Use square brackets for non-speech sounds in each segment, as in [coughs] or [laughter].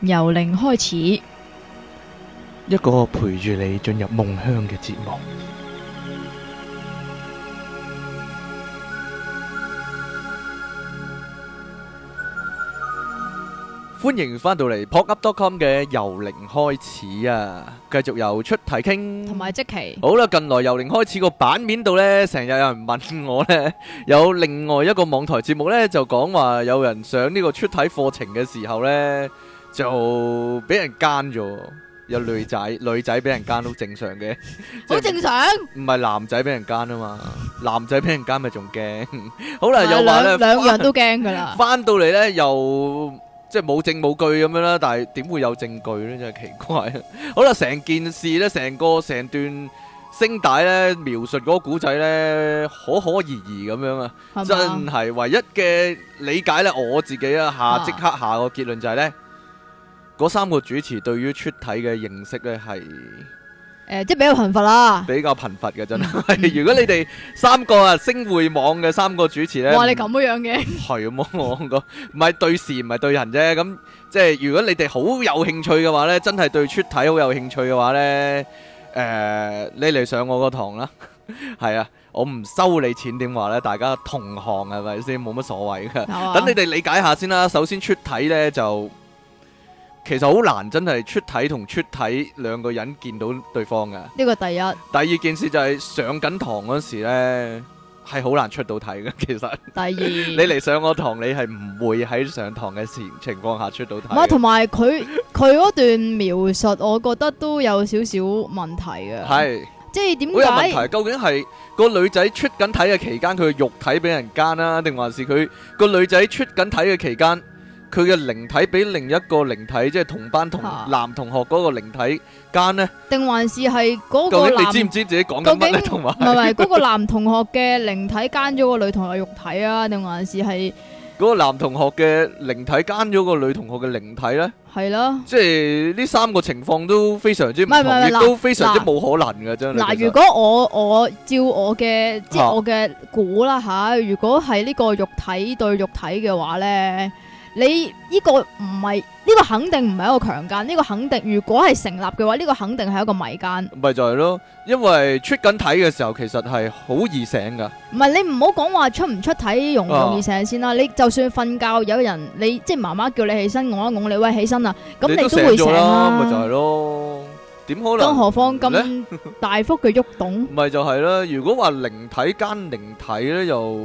由零開始，一個陪住你進入夢鄉嘅節目。歡迎翻到嚟 popup.com 嘅由零開始啊！繼續由出體傾同埋即期好啦。近來由零開始個版面度咧，成日有人問我咧，有另外一個網台節目咧，就講話有人上呢個出體課程嘅時候咧。就俾人奸咗，有女仔，女仔俾人奸都正常嘅，好正常。唔係男仔俾人奸啊嘛，男仔俾人奸咪仲驚。好啦，又話咧，兩樣都驚噶啦。翻到嚟咧，又即係冇證冇據咁樣啦。但係點會有證據咧？真係奇怪。好啦，成件事咧，成個成段聲帶咧，描述嗰個古仔咧，可可而而咁樣啊，真係唯一嘅理解咧。我自己啊，下即刻下個結論就係咧。嗰三個主持對於出體嘅認識咧，係、呃、即係比較貧乏啦，比較貧乏嘅真係。如果你哋三個啊，星匯網嘅三個主持呢，哇，你咁樣嘅，係咁講個，唔係對事唔係對人啫。咁即係如果你哋好有興趣嘅話呢，真係對出體好有興趣嘅話呢，誒、呃，你嚟上我個堂啦。係 [laughs] 啊，我唔收你錢點話呢？大家同行係咪先？冇乜所謂嘅。等 [laughs] 你哋理解下先啦。首先出體呢，就。其實好難，真係出體同出體兩個人見到對方噶。呢個第一。第二件事就係上緊堂嗰時呢，係好難出到體噶。其實。第二。你嚟上我堂，你係唔會喺上堂嘅前情況下出到體。唔係，同埋佢佢嗰段描述，我覺得都有少少問題嘅。係。即係點解？會有問題，究竟係個女仔出緊體嘅期間，佢嘅肉體俾人奸啦，定還是佢個女仔出緊體嘅期間？佢嘅靈體俾另一個靈體，即係同班同男同學嗰個靈體奸咧？定還是係嗰個男？究竟你知唔知自己講緊乜咧？唔係唔係，嗰個男同學嘅靈體奸咗個女同學肉體啊？定還是係嗰個男同學嘅靈體奸咗個女同學嘅靈體咧？係咯，即係呢三個情況都非常之唔係唔係，亦都非常之冇可能㗎真係。嗱，如果我我照我嘅即係我嘅估啦吓，如果係呢個肉體對肉體嘅話咧？你呢個唔係呢個肯定唔係一個強姦，呢個肯定如果係成立嘅話，呢個肯定係一個迷姦。唔係就係咯，因為出緊體嘅時候其實係好易醒噶。唔係你唔好講話出唔出體容唔容易醒先啦，你就算瞓覺有人你即係媽媽叫你起身，㧬一㧬你，喂起身啦，咁你都會醒啦。咪就係咯，點可能？更何況咁大幅嘅喐動，唔係就係啦。如果話靈體間靈體咧又。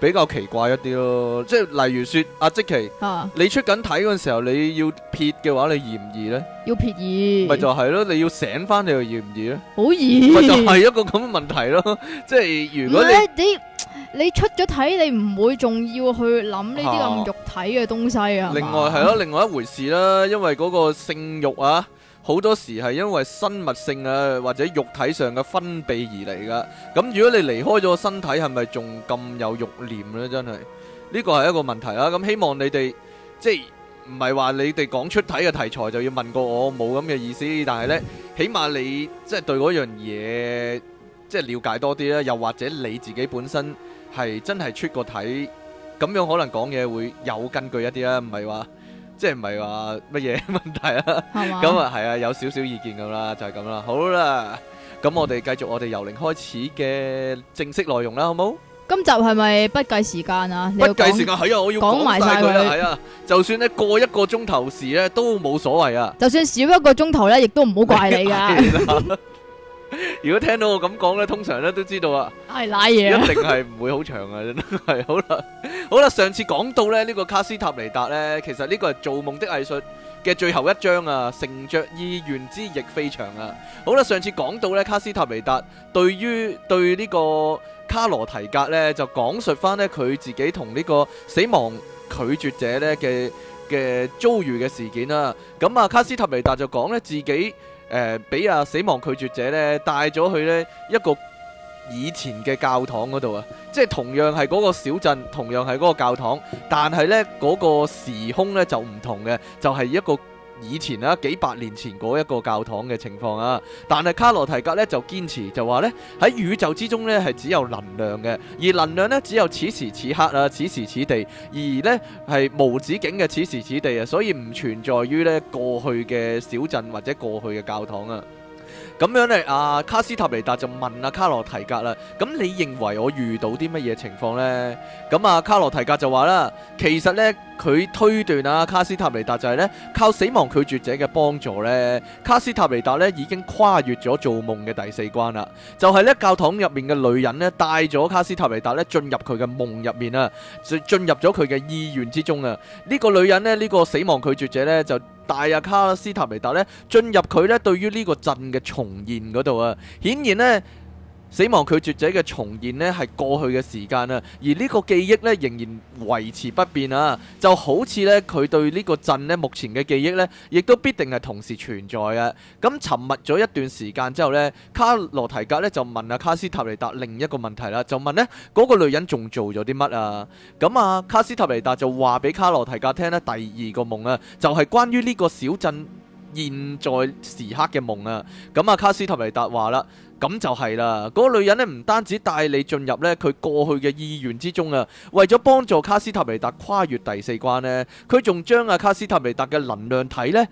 比較奇怪一啲咯，即係例如說阿即其你出緊睇嗰陣時候，你要撇嘅話，你易唔易咧？要撇易，咪就係咯，你要醒翻你又易唔易咧？易易呢好易易，咪就係一個咁嘅問題咯。即係如果你、嗯、你你出咗體，你唔會仲要去諗呢啲咁肉體嘅東西啊。吧另外係咯， [laughs] 另外一回事啦，因為嗰個性慾啊。好多時係因為生物性啊或者肉體上嘅分泌而嚟噶，咁如果你離開咗個身體，係咪仲咁有欲念呢？真係呢個係一個問題啦。咁希望你哋即係唔係話你哋講出體嘅題材就要問過我，冇咁嘅意思，但係呢起碼你即係對嗰樣嘢即係了解多啲啦，又或者你自己本身係真係出過體，咁樣可能講嘢會有根據一啲啦，唔係話。即係唔係話乜嘢問題啊？咁啊係啊，有少少意見咁啦，就係咁啦。好啦，咁我哋繼續我哋由零開始嘅正式內容啦，好冇？今集係咪不計時間啊？不計時間，係啊，我要講埋晒佢，係 [laughs] 啊，就算咧過一個鐘頭時咧都冇所謂啊。就算少一個鐘頭咧，亦都唔好怪你噶。 [laughs] 如果聽到我咁講咧，通常咧都知道啊，係嘢， [music] 一定係唔會好長啊，真係好啦，好啦，上次講到咧呢、這個卡斯塔尼達呢，其實呢個係《做夢的藝術》嘅最後一章啊，乘着意願之翼飛翔啊，好啦，上次講到呢，卡斯塔尼達對於對呢個卡羅提格呢，就講述翻呢，佢自己同呢個死亡拒絕者呢嘅嘅遭遇嘅事件啦，啊，咁啊卡斯塔尼達就講呢自己。誒俾、呃、啊死亡拒絕者咧帶咗去咧一個以前嘅教堂嗰度啊，即係同樣係嗰個小鎮，同樣係嗰個教堂，但係咧嗰個時空咧就唔同嘅，就係、是、一個。以前啦，幾百年前嗰一個教堂嘅情況啊，但係卡洛提格呢，就堅持就話呢，喺宇宙之中呢，係只有能量嘅，而能量呢，只有此時此刻啊，此時此地，而呢，係無止境嘅此時此地啊，所以唔存在於呢過去嘅小鎮或者過去嘅教堂啊。咁樣咧，阿卡斯塔尼達就問阿、啊、卡洛提格啦，「咁你認為我遇到啲乜嘢情況呢？」咁啊，卡羅提格就話啦，其實呢，佢推斷啊，卡斯塔尼達就係呢，靠死亡拒絕者嘅幫助呢。卡斯塔尼達呢已經跨越咗做夢嘅第四關啦。就係、是、呢教堂入面嘅女人呢帶咗卡斯塔尼達呢進入佢嘅夢入面啊，進入咗佢嘅意願之中啊。呢、這個女人呢，呢、這個死亡拒絕者呢，就帶阿卡斯塔尼達呢進入佢呢對於呢個鎮嘅重現嗰度啊，顯然呢。死亡拒絕者嘅重現咧係過去嘅時間啊，而呢個記憶咧仍然維持不變啊，就好似咧佢對呢個鎮咧目前嘅記憶咧，亦都必定係同時存在嘅。咁沉默咗一段時間之後咧，卡羅提格咧就問阿卡斯塔尼達另一個問題啦，就問呢嗰個女人仲做咗啲乜啊？咁啊卡斯塔尼達就話俾卡羅提格聽呢第二個夢咧就係、是、關於呢個小鎮現在時刻嘅夢啊，咁啊卡斯塔維達話啦，咁就係啦，嗰個女人呢，唔單止帶你進入呢佢過去嘅意願之中啊，為咗幫助卡斯塔維達跨越第四關呢，佢仲將阿卡斯塔維達嘅能量體呢，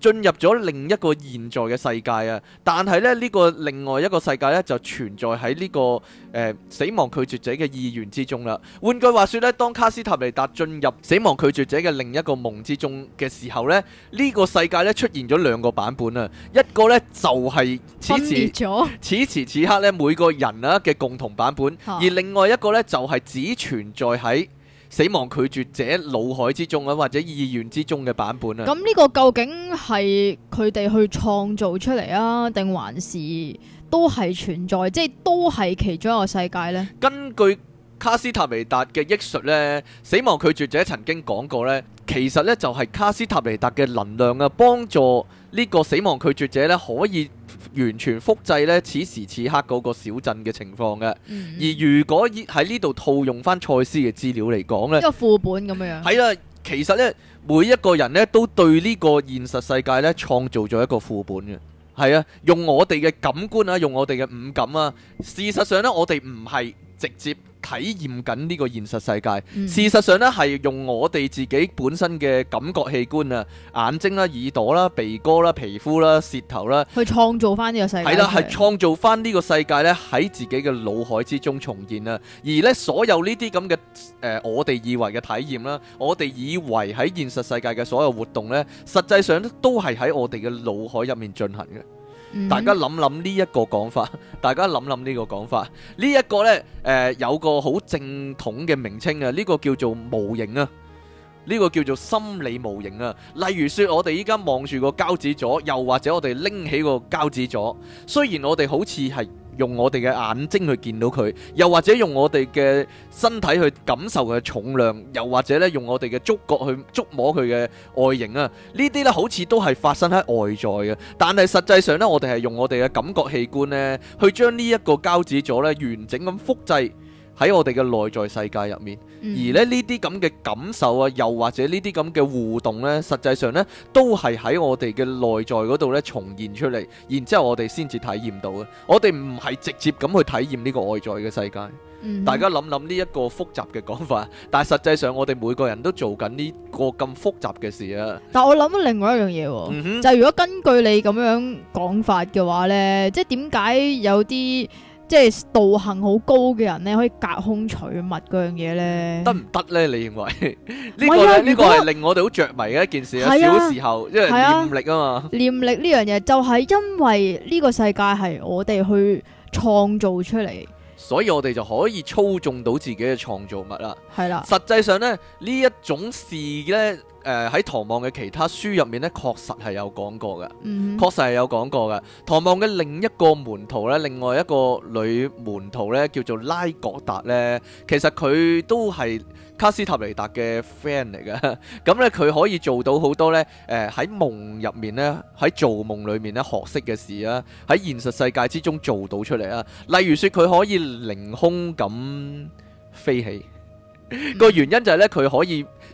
進入咗另一個現在嘅世界啊！但係咧，呢個另外一個世界咧就存在喺呢個誒、呃、死亡拒絕者嘅意願之中啦。換句話說咧，當卡斯塔尼達進入死亡拒絕者嘅另一個夢之中嘅時候呢，呢個世界咧，出現咗兩個版本啊！一個咧就係、是、此時裂此時此刻咧每個人啊嘅共同版本，啊、而另外一個咧就係、是、只存在喺。死亡拒絕者腦海之中啊，或者意願之中嘅版本啊？咁呢個究竟係佢哋去創造出嚟啊，定還是都係存在？即係都係其中一個世界呢？根據卡斯塔尼達嘅憶述呢，死亡拒絕者曾經講過呢，其實呢就係卡斯塔尼達嘅能量啊，幫助呢個死亡拒絕者呢可以，完全複製呢，此時此刻嗰個小鎮嘅情況嘅。嗯、而如果喺呢度套用翻賽斯嘅資料嚟講呢一個副本咁樣。係啊，其實呢，每一個人呢都對呢個現實世界呢創造咗一個副本嘅。係啊，用我哋嘅感官啊，用我哋嘅五感啊。事實上呢，我哋唔係，直接體驗緊呢個現實世界，嗯、事實上呢係用我哋自己本身嘅感覺器官啊，眼睛啦、耳朵啦、鼻哥啦、皮膚啦、舌頭啦，去創造返呢個世界。係啦了，係創造返呢個世界呢喺自己嘅腦海之中重建啊。而呢所有呢啲咁嘅誒，我哋以為嘅體驗啦，我哋以為喺現實世界嘅所有活動呢，實際上都係喺我哋嘅腦海入面進行嘅。大家諗諗呢一個講法，大家諗諗呢個講法。呢一個呢，誒、呃，有個好正統嘅名稱啊，呢個叫做模型啊，呢個叫做心理模型啊。例如說，我哋依家望住個膠紙咗，又或者我哋拎起個膠紙咗，雖然我哋好似係。用我哋嘅眼睛去見到佢，又或者用我哋嘅身體去感受佢嘅重量，又或者咧用我哋嘅觸覺去觸摸佢嘅外形啊。呢啲咧好似都係發生喺外在嘅，但係實際上咧，我哋係用我哋嘅感覺器官咧，去將呢一個膠紙座，咧完整咁複製，喺我哋嘅內在世界入面，而咧呢啲咁嘅感受啊，又或者呢啲咁嘅互動咧，實際上咧都係喺我哋嘅內在嗰度咧重現出嚟，然之後我哋先至體驗到嘅。我哋唔係直接咁去體驗呢個外在嘅世界。大家諗諗呢一個複雜嘅講法，但係實際上我哋每個人都做緊呢個咁複雜嘅事啊。但係我諗另外一樣嘢喎，就如果根據你咁樣講法嘅話咧，即係點解有啲？即係道行好高嘅人咧，可以隔空取物嗰樣嘢咧，得唔得咧？你認為 [laughs] 個呢、哎呀、個咧？呢個係令我哋好着迷嘅一件事啊！小時候因為念力嘛啊嘛，念力呢樣嘢就係因為呢個世界係我哋去創造出嚟，所以我哋就可以操縱到自己嘅創造物啦。係啦，實際上咧呢一種事咧。誒，喺唐望嘅其他書入面咧，確實係有講過嘅，確實係有講過嘅。唐望嘅另一個門徒咧，另外一個女門徒咧，叫做拉國達咧，其實佢都係卡斯塔尼達嘅 friend 嚟嘅。咁咧，佢可以做到好多咧，誒喺夢入面咧，喺做夢裏面咧學識嘅事啊，喺現實世界之中做到出嚟啊。例如說，佢可以凌空咁飛起，個原因就係咧，佢可以。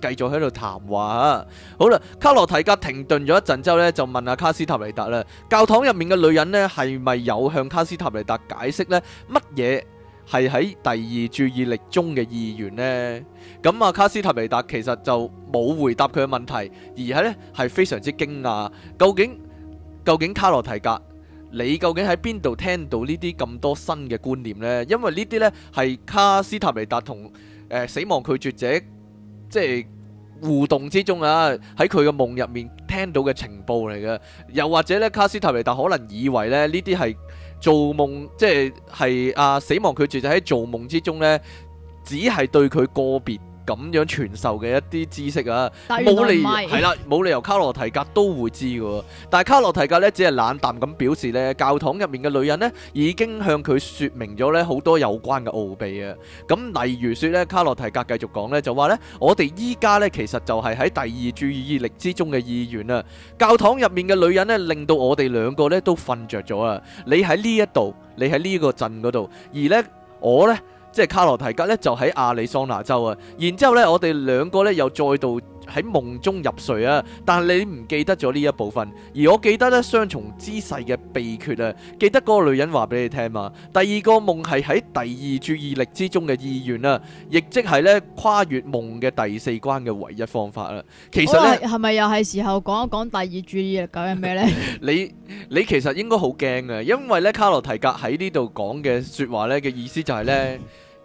繼續喺度談話，好啦。卡洛提格停頓咗一陣之後呢，就問阿卡斯塔尼達啦。教堂入面嘅女人呢，係咪有向卡斯塔尼達解釋呢，乜嘢係喺第二注意力中嘅意願呢？咁阿卡斯塔尼達其實就冇回答佢嘅問題，而係呢係非常之驚訝。究竟究竟卡洛提格，你究竟喺邊度聽到呢啲咁多新嘅觀念呢？因為呢啲呢係卡斯塔尼達同誒死亡拒絕者。即係互動之中啊，喺佢嘅夢入面聽到嘅情報嚟嘅，又或者咧卡斯特利達可能以為咧呢啲係做夢，即係係啊死亡拒，佢絕就喺做夢之中咧，只係對佢個別。咁樣傳授嘅一啲知識啊，冇理係啦，冇理由卡洛提格都會知嘅。但係卡洛提格咧，只係冷淡咁表示咧，教堂入面嘅女人呢，已經向佢說明咗咧好多有關嘅奧秘啊。咁例如說咧，卡洛提格繼續講咧，就話咧，我哋依家咧，其實就係喺第二注意力之中嘅意願啊。教堂入面嘅女人咧，令到我哋兩個咧都瞓着咗啊。你喺呢一度，你喺呢個鎮嗰度，而咧我咧。即係卡羅提格咧，就喺阿里桑拿州啊。然之後咧，我哋兩個咧又再度喺夢中入睡啊。但係你唔記得咗呢一部分，而我記得咧雙重姿勢嘅秘訣啊，記得嗰個女人話俾你聽啊，第二個夢係喺第二注意力之中嘅意願啊，亦即係咧跨越夢嘅第四關嘅唯一方法啦。其實咧係咪又係時候講一講第二注意力究竟咩咧？ [laughs] 你你其實應該好驚啊，因為咧卡羅提格喺呢度講嘅說話咧嘅意思就係、是、咧。嗯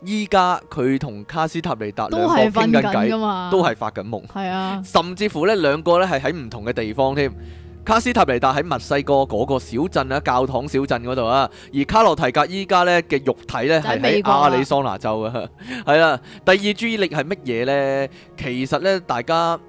依家佢同卡斯塔尼達兩個傾緊偈噶嘛，都係發緊夢。係啊，甚至乎咧，兩個咧係喺唔同嘅地方添。卡斯塔尼達喺墨西哥嗰個小鎮啦，教堂小鎮嗰度啊，而卡洛提格依家咧嘅肉體咧係喺亞利桑那州嘅。係啦， [laughs] 啊，第二注意力係乜嘢呢？其實咧，大家。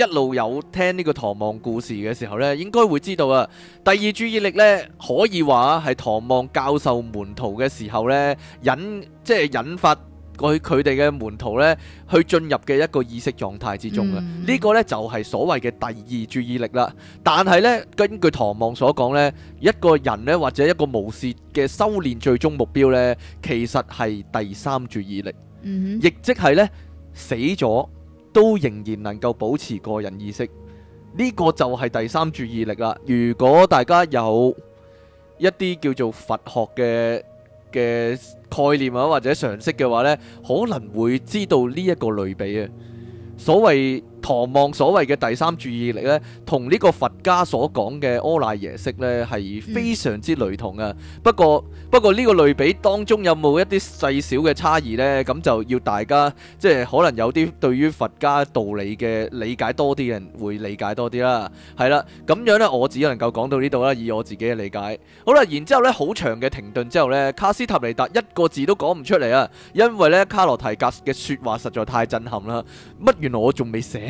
一路有聽呢個唐望故事嘅時候呢，應該會知道啊。第二注意力呢，可以話係唐望教授門徒嘅時候呢，引即係引發佢佢哋嘅門徒呢去進入嘅一個意識狀態之中啊。呢、mm hmm. 個呢，就係所謂嘅第二注意力啦。但係呢，根據唐望所講呢，一個人呢，或者一個巫士嘅修煉最終目標呢，其實係第三注意力，亦即係呢，死咗。都仍然能夠保持個人意識，呢個就係第三注意力啦。如果大家有一啲叫做佛學嘅嘅概念啊，或者常識嘅話呢，可能會知道呢一個類比啊。所謂唐望所謂嘅第三注意力呢，同呢個佛家所講嘅阿賴耶識呢係非常之雷同嘅。不過不過呢個類比當中有冇一啲細小嘅差異呢？咁就要大家即係可能有啲對於佛家道理嘅理解多啲嘅人會理解多啲啦。係啦，咁樣呢，我只能夠講到呢度啦，以我自己嘅理解。好啦，然之後呢，好長嘅停頓之後呢，卡斯塔尼達一個字都講唔出嚟啊，因為呢卡羅提格嘅説話實在太震撼啦。乜原來我仲未寫。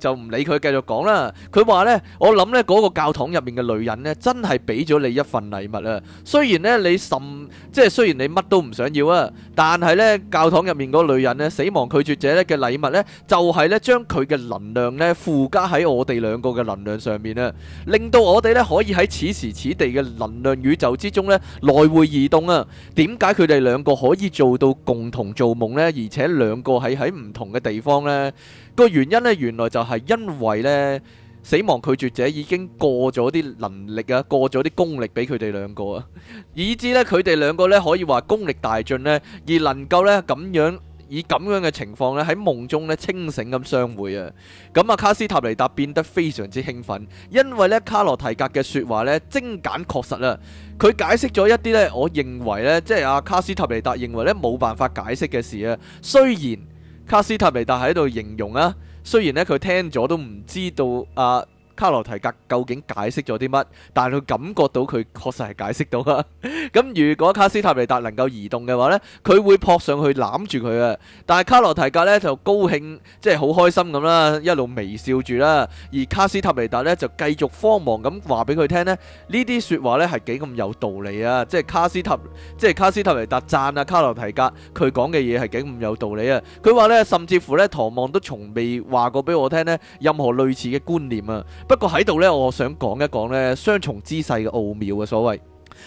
就唔理佢，繼續講啦。佢話呢，我諗呢嗰個教堂入面嘅女人呢，真係俾咗你一份禮物啊。雖然呢你甚，即係雖然你乜都唔想要啊，但係呢教堂入面嗰個女人呢，死亡拒絕者呢嘅禮物呢，就係呢將佢嘅能量呢附加喺我哋兩個嘅能量上面啊，令到我哋呢可以喺此時此地嘅能量宇宙之中呢來回移動啊。點解佢哋兩個可以做到共同做夢呢？而且兩個係喺唔同嘅地方呢？個原因呢，原來就係因為呢死亡拒絕者已經過咗啲能力啊，過咗啲功力俾佢哋兩個啊，以致呢，佢哋兩個呢可以話功力大進呢，而能夠呢咁樣以咁樣嘅情況呢喺夢中呢清醒咁相會啊。咁啊，卡斯塔尼達變得非常之興奮，因為呢卡羅提格嘅說話呢精簡確實啦、啊，佢解釋咗一啲呢，我認為呢，即係阿、啊、卡斯塔尼達認為呢冇辦法解釋嘅事啊，雖然。卡斯塔尼達喺度形容啊，雖然咧佢聽咗都唔知道啊。卡羅提格究竟解釋咗啲乜？但係佢感覺到佢確實係解釋到啊。咁如果卡斯塔尼達能夠移動嘅話呢，佢會撲上去攬住佢啊！但係卡羅提格呢就高興，即係好開心咁啦，一路微笑住啦。而卡斯塔尼達呢就繼續慌忙咁話俾佢聽呢，呢啲説話呢係幾咁有道理啊！即係卡斯塔，即係卡斯塔尼達讚啊卡羅提格佢講嘅嘢係幾咁有道理啊！佢話呢，甚至乎呢，唐望都從未話過俾我聽呢任何類似嘅觀念啊！不過喺度呢，我想講一講呢雙重姿勢嘅奧妙嘅所謂。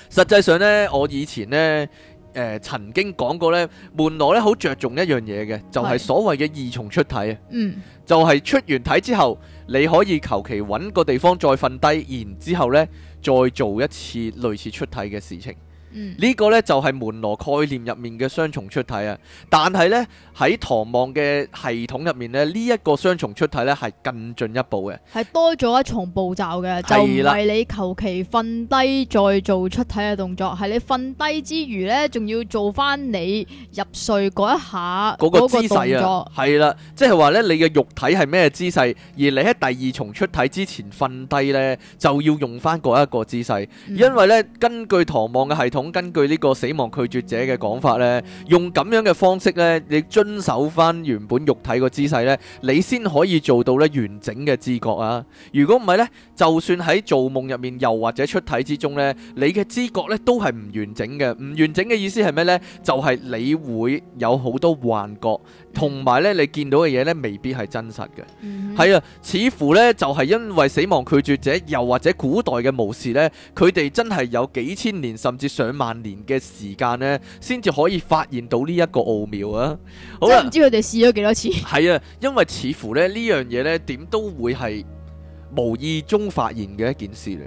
實際上呢，我以前呢誒、呃、曾經講過呢，門羅呢好着重一樣嘢嘅，就係、是、所謂嘅二重出體啊。嗯喂，就係出完體之後，你可以求其揾個地方再瞓低，然之後呢再做一次類似出體嘅事情。嗯、呢個咧就係門羅概念入面嘅雙重出體啊，但係咧喺唐望嘅系統入面咧，呢、這、一個雙重出體咧係更進一步嘅，係多咗一重步驟嘅，的就唔係你求其瞓低再做出體嘅動作，係你瞓低之餘咧，仲要做翻你入睡嗰一下嗰個姿勢啊，係啦，即係話咧你嘅肉體係咩姿勢，而你喺第二重出體之前瞓低咧就要用翻嗰一個姿勢，嗯、因為咧根據唐望嘅系統。根據呢個死亡拒絕者嘅講法呢，用咁樣嘅方式呢，你遵守翻原本肉體個姿勢呢，你先可以做到呢完整嘅知覺啊！如果唔係呢，就算喺做夢入面，又或者出體之中呢，你嘅知覺呢都係唔完整嘅。唔完整嘅意思係咩呢？就係、是、你會有好多幻覺，同埋呢你見到嘅嘢呢未必係真實嘅。係啊、mm hmm.，似乎呢就係、是、因為死亡拒絕者，又或者古代嘅巫師呢佢哋真係有幾千年甚至上萬年嘅時間咧，先至可以發現到呢一個奧妙啊！好啦，真係唔知佢哋試咗幾多次。係 [laughs] 啊，因為似乎咧呢樣嘢咧點都會係無意中發現嘅一件事嚟，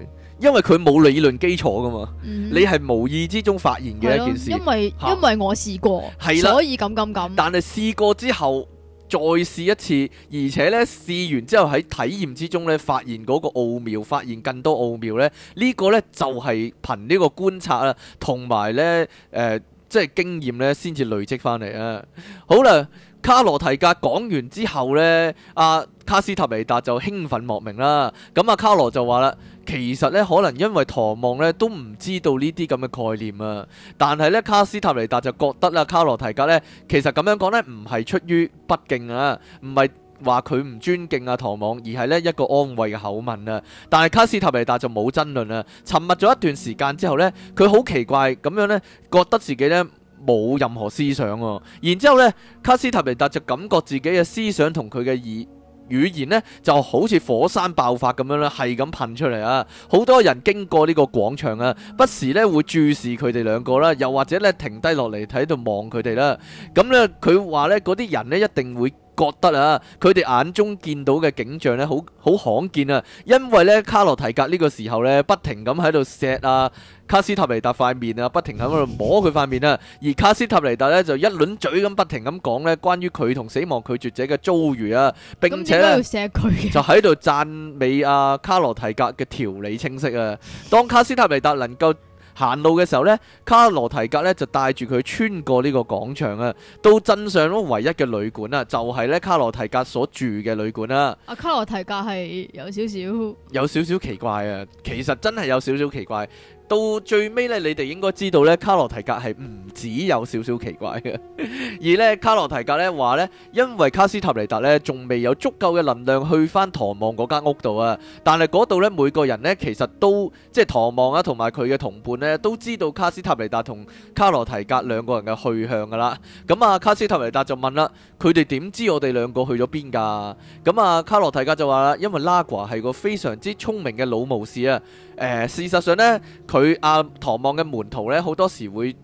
因為佢冇理論基礎噶嘛。你係無意之中發現嘅一件事，因為因為我試過，係啊，所以咁咁咁。但係試過之後。再試一次，而且咧試完之後喺體驗之中咧發現嗰個奧妙，發現更多奧妙咧，呢個咧就係憑呢個觀察啦，同埋咧誒即係經驗咧先至累積翻嚟啊！好啦。卡羅提格講完之後呢，阿卡斯塔尼達就興奮莫名啦。咁阿卡羅就話啦，其實呢，可能因為唐望呢都唔知道呢啲咁嘅概念啊。但係呢，卡斯塔尼達就覺得啦，卡羅提格呢其實咁樣講呢，唔係出於不敬啊，唔係話佢唔尊敬阿唐望，而係呢一個安慰嘅口吻啊。但係卡斯塔尼達就冇爭論啊。沉默咗一段時間之後呢，佢好奇怪咁樣呢，覺得自己呢。冇任何思想喎、啊，然之後呢，卡斯塔尼達就感覺自己嘅思想同佢嘅語言呢，就好似火山爆發咁樣啦，係咁噴出嚟啊！好多人經過呢個廣場啊，不時呢會注視佢哋兩個啦，又或者呢停低落嚟睇度望佢哋啦。咁、嗯、呢，佢話呢嗰啲人呢，一定會，覺得啊，佢哋眼中見到嘅景象呢，好好罕見啊！因為呢卡羅提格呢個時候呢，不停咁喺度錫啊卡斯塔尼達塊面啊，不停喺度摸佢塊面啊，而卡斯塔尼達呢，就一輪嘴咁不停咁講呢關於佢同死亡拒絕者嘅遭遇啊，並且呢，就喺度讚美啊卡羅提格嘅條理清晰啊，當卡斯塔尼達能夠。行路嘅時候呢，卡羅提格呢就帶住佢穿過呢個廣場啊，到鎮上嗰唯一嘅旅館啦，就係呢卡羅提格所住嘅旅館啦。阿卡羅提格係有少少，有少少奇怪啊！其實真係有少少奇怪。到最尾咧，你哋應該知道咧，卡洛提格係唔只有少少奇怪嘅， [laughs] 而咧卡洛提格咧話咧，因為卡斯塔尼達咧仲未有足夠嘅能量去翻唐望嗰間屋度啊，但係嗰度咧每個人咧其實都即係唐望啊，同埋佢嘅同伴咧都知道卡斯塔尼達同卡洛提格兩個人嘅去向噶啦。咁啊，卡斯塔尼達就問啦，佢哋點知我哋兩個去咗邊噶？咁啊，卡洛提格就話啦，因為拉瓜係個非常之聰明嘅老巫師啊。呃、事實上呢佢阿、啊、唐望嘅門徒呢，好多時會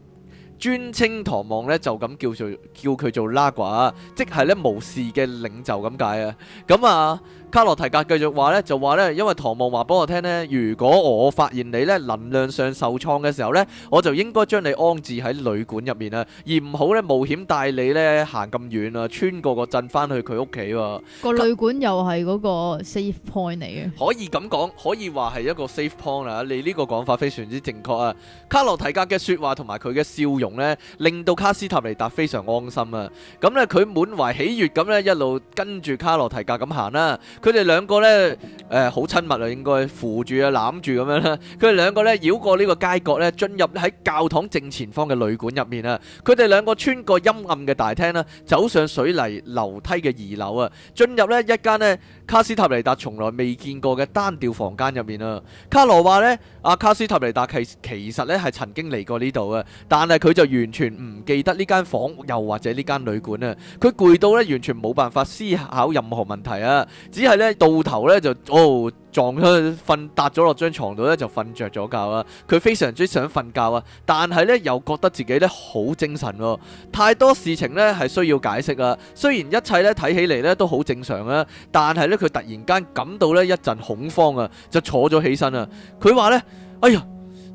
尊稱唐望呢，就咁叫做叫佢做拉寡，即係呢巫士嘅領袖咁解啊！咁啊～卡洛提格繼續話咧，就話咧，因為唐望話俾我聽咧，如果我發現你咧能量上受創嘅時候咧，我就應該將你安置喺旅館入面啊，而唔好咧冒險帶你咧行咁遠啊，穿過個鎮翻去佢屋企喎。個旅館又係嗰個 safe point 嚟嘅，可以咁講，可以話係一個 safe point 啦、啊。你呢個講法非常之正確啊。卡洛提格嘅説話同埋佢嘅笑容咧，令到卡斯塔尼達非常安心啊。咁咧，佢滿懷喜悦咁咧一路跟住卡洛提格咁行啦。佢哋兩個咧，誒、呃、好親密啊，應該扶住啊、攬住咁樣啦。佢哋兩個咧繞過呢個街角咧，進入喺教堂正前方嘅旅館入面啊。佢哋兩個穿過陰暗嘅大廳啦，走上水泥樓梯嘅二樓啊，進入呢一間呢，卡斯塔尼達從來未見過嘅單調房間入面啊！卡羅話呢，阿卡斯塔尼達其其實呢係曾經嚟過呢度啊，但係佢就完全唔記得呢間房，又或者呢間旅館啊！佢攰到呢，完全冇辦法思考任何問題啊！只係呢，到頭呢就哦。撞咗去瞓，搭咗落張床度咧就瞓着咗覺啊。佢非常之想瞓覺啊，但係咧又覺得自己咧好精神，太多事情咧係需要解釋啊。雖然一切咧睇起嚟咧都好正常啊，但係咧佢突然間感到咧一陣恐慌啊，就坐咗起身啊。佢話咧：，哎呀，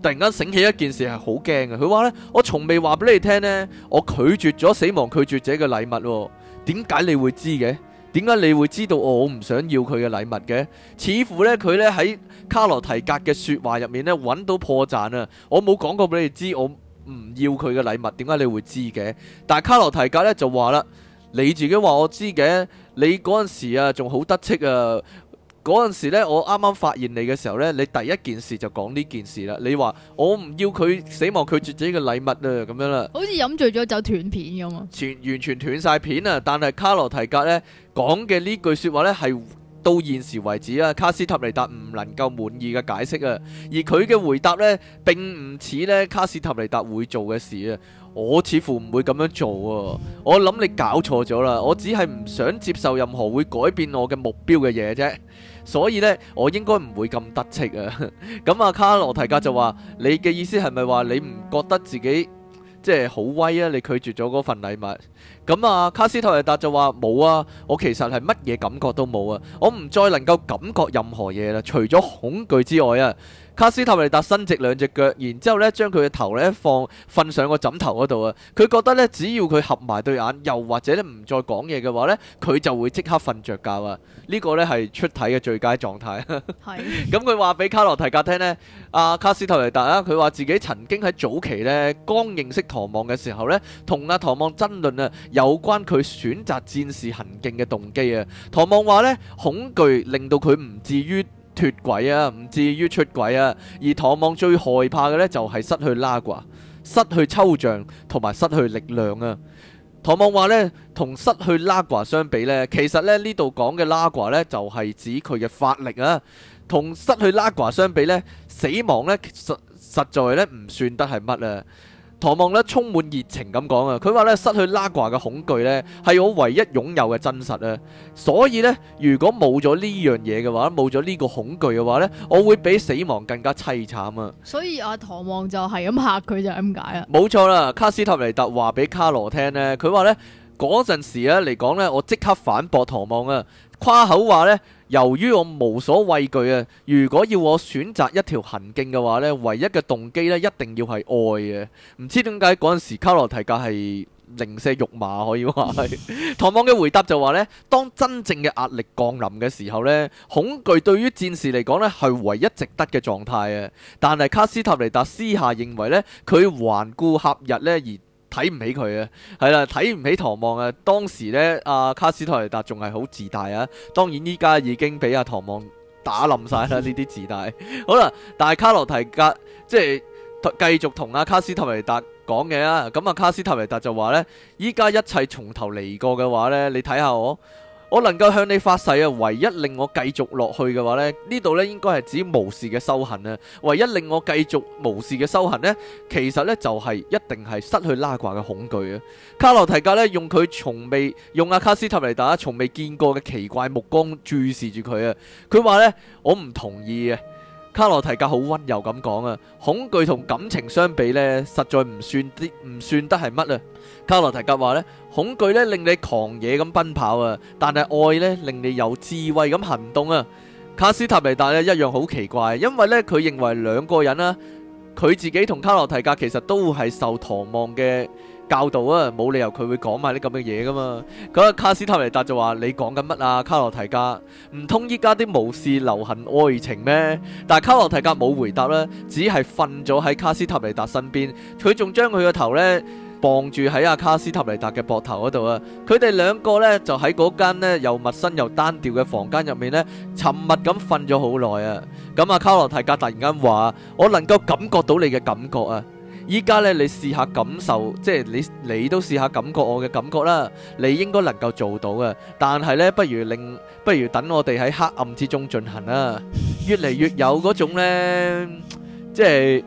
突然間醒起一件事係好驚嘅。佢話咧：，我從未話俾你聽呢，我拒絕咗死亡拒絕者嘅禮物，點解你會知嘅？點解你會知道我唔想要佢嘅禮物嘅？似乎呢，佢呢喺卡羅提格嘅說話入面呢揾到破綻啊！我冇講過俾你知我唔要佢嘅禮物，點解你會知嘅？但係卡羅提格呢就話啦，你自己話我知嘅，你嗰陣時啊仲好得戚啊！嗰陣時咧，我啱啱發現你嘅時候咧，你第一件事就講呢件事啦。你話我唔要佢死亡拒絕者嘅禮物啊，咁樣啦。好似飲醉咗酒斷片咁啊！全完全斷晒片啊！但係卡羅提格咧講嘅呢句説話咧，係到現時為止啊卡斯塔尼達唔能夠滿意嘅解釋啊。而佢嘅回答咧並唔似咧卡斯塔尼達會做嘅事啊。我似乎唔會咁樣做喎、啊。我諗你搞錯咗啦。我只係唔想接受任何會改變我嘅目標嘅嘢啫。所以咧，我應該唔會咁得戚啊！咁啊，卡羅提格就話：你嘅意思係咪話你唔覺得自己即係好威啊？你拒絕咗嗰份禮物。咁啊，卡斯塔尼達就話：冇啊，我其實係乜嘢感覺都冇啊，我唔再能夠感覺任何嘢啦，除咗恐懼之外啊。卡斯托尼達伸直兩隻腳，然之後咧將佢嘅頭咧放瞓上個枕頭嗰度啊！佢覺得咧只要佢合埋對眼，又或者咧唔再講嘢嘅話咧，佢就會即刻瞓着覺、這個、啊！呢個咧係出體嘅最佳狀態。咁佢話俾卡洛提格聽咧，阿卡斯托尼達啊，佢話自己曾經喺早期呢剛認識唐望嘅時候呢同阿唐望爭論啊有關佢選擇戰士行徑嘅動機啊。唐望話呢恐懼令到佢唔至於。脫軌啊，唔至於出軌啊，而唐望最害怕嘅呢，就係失去拉瓜，失去抽象同埋失去力量啊。唐望話呢，同失去拉瓜相比呢，其實咧呢度講嘅拉瓜呢，就係、是、指佢嘅法力啊。同失去拉瓜相比呢，死亡呢，其實實在呢，唔算得係乜啊。唐望咧充滿熱情咁講啊，佢話咧，失去拉掛嘅恐懼咧，係我唯一擁有嘅真實啊。所以咧，如果冇咗呢樣嘢嘅話，冇咗呢個恐懼嘅話咧，我會比死亡更加凄慘啊！所以啊，唐望就係咁嚇，佢就係咁解啊。冇錯啦，卡斯塔尼達話俾卡羅聽咧，佢話咧，嗰陣時嚟講咧，我即刻反駁唐望啊。誇口話呢，由於我無所畏懼啊！如果要我選擇一條行徑嘅話呢，唯一嘅動機呢，一定要係愛嘅。唔知點解嗰陣時卡洛提格係零舍肉麻可以話係。 [laughs] 唐望嘅回答就話呢：「當真正嘅壓力降臨嘅時候呢，恐懼對於戰士嚟講呢係唯一值得嘅狀態啊！」但係卡斯塔尼達私下認為呢，佢頑固俠日呢。而。睇唔起佢啊，係啦，睇唔起唐望啊。當時呢，阿、啊、卡斯托尼達仲係好自大啊。當然依家已經俾阿唐望打冧晒啦。呢啲 [laughs] 自大，好啦。但係卡洛提格即係繼續同阿卡斯托尼達講嘅啊。咁啊，卡斯托尼達就話呢，依家一切從頭嚟過嘅話呢，你睇下我，我能夠向你發誓啊，唯一令我繼續落去嘅話咧，呢度咧應該係指無視嘅修行啊。唯一令我繼續無視嘅修行咧，其實咧就係一定係失去拉掛嘅恐懼啊。卡洛提格咧用佢從未用阿卡斯塔尼達從未見過嘅奇怪目光注視住佢啊。佢話呢，我唔同意啊。卡洛提格好溫柔咁講啊，恐懼同感情相比咧，實在唔算啲唔算得係乜啊！卡洛提格話咧，恐懼咧令你狂野咁奔跑啊，但係愛咧令你有智慧咁行動啊！卡斯塔尼達咧一樣好奇怪，因為咧佢認為兩個人啦，佢自己同卡洛提格其實都係受唐望嘅教導啊，冇理由佢會講埋啲咁嘅嘢噶嘛。嗰個，卡斯塔尼達就話：你講緊乜啊？卡洛提格，唔通依家啲無事流行愛情咩？但係卡洛提格冇回答啦，只係瞓咗喺卡斯塔尼達身邊。佢仲將佢個頭咧，傍住喺阿卡斯塔尼達嘅膊頭嗰度啊。佢哋兩個咧就喺嗰間咧又陌生又單調嘅房間入面咧，沉默咁瞓咗好耐啊。咁阿卡洛提格突然間話：我能夠感覺到你嘅感覺啊！依家咧，你試下感受，即係你你都試下感覺我嘅感覺啦。你應該能夠做到嘅，但係咧，不如令不如等我哋喺黑暗之中進行啦。越嚟越有嗰種咧，即係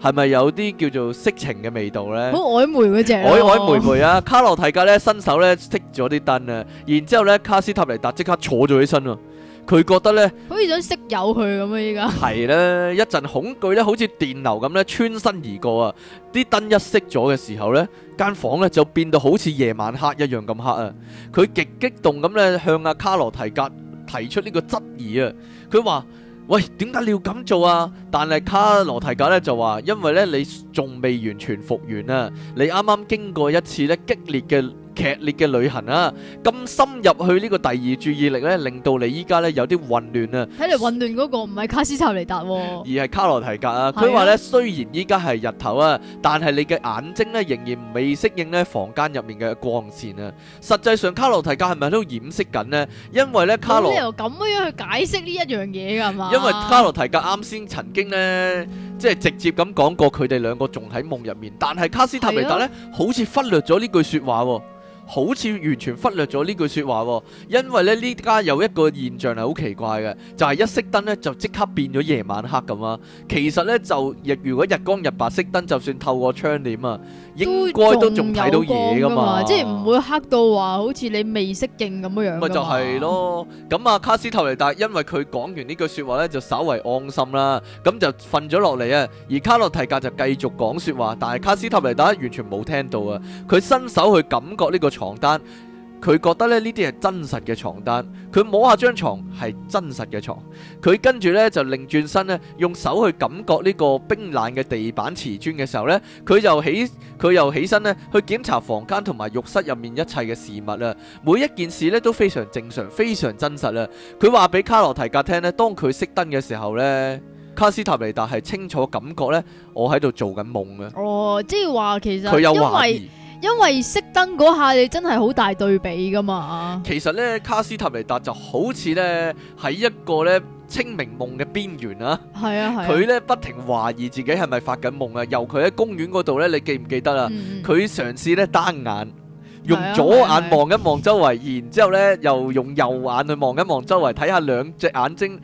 係咪有啲叫做色情嘅味道咧？好曖昧嗰隻，曖曖昧昧啊！卡洛提格咧伸手咧熄咗啲燈啊，然之後咧卡斯塔尼達即刻坐咗起身咯。佢覺得咧，好似想識有佢咁啊！依家係啦，一陣恐懼咧，好似電流咁咧穿身而過啊！啲燈一熄咗嘅時候咧，間房咧就變到好似夜晚黑一樣咁黑啊！佢極激動咁咧向阿卡羅提格提出呢個質疑啊！佢話：喂，點解你要咁做啊？但係卡羅提格咧就話：因為咧你仲未完全復原啊！你啱啱經過一次咧激烈嘅。劇烈嘅旅行啊，咁深入去呢個第二注意力呢，令到你依家呢有啲混亂啊！睇嚟，混亂嗰個唔係卡斯塔尼達、啊，而係卡羅提格啊！佢話、啊、呢，雖然依家係日頭啊，但係你嘅眼睛呢，仍然未適應呢房間入面嘅光綫啊！實際上卡羅提格係咪都掩飾緊呢？因為呢，卡羅咁樣去解釋呢一樣嘢噶嘛？因為卡羅提格啱先曾經呢，即、就、係、是、直接咁講過，佢哋兩個仲喺夢入面，但係卡斯塔尼達呢，啊、好似忽略咗呢句說話、啊。好似完全忽略咗呢句説話、哦，因為咧呢家有一個現象係好奇怪嘅，就係、是、一熄燈咧就即刻變咗夜晚黑咁啊！其實咧就日如果日光日白熄燈，就算透過窗簾啊。應該都仲睇到嘢㗎嘛，即係唔會黑到話好似你未識勁咁樣樣。咪就係咯，咁啊卡斯塔尼達因為佢講完呢句説話咧，就稍為安心啦，咁就瞓咗落嚟啊。而卡洛提格就繼續講説話，但係卡斯塔尼達完全冇聽到啊，佢伸手去感覺呢個床單。佢覺得咧呢啲係真實嘅床單，佢摸下張床係真實嘅床，佢跟住呢，就另轉身咧，用手去感覺呢個冰冷嘅地板瓷磚嘅時候呢，佢就起佢又起身咧去檢查房間同埋浴室入面一切嘅事物啊，每一件事咧都非常正常，非常真實啊！佢話俾卡洛提格聽呢，當佢熄燈嘅時候呢，卡斯塔尼達係清楚感覺呢我喺度做緊夢啊！哦，即係話其實佢有懷疑。因為熄燈嗰下，你真係好大對比噶嘛。其實咧，卡斯塔尼達就好似咧喺一個咧清明夢嘅邊緣啊。係啊，佢咧不停懷疑自己係咪發緊夢啊。尤其喺公園嗰度咧，你記唔記得啊？佢嘗試咧單眼用左眼望一望周圍，然之後咧又用右眼去望一望周圍，睇下兩隻眼睛。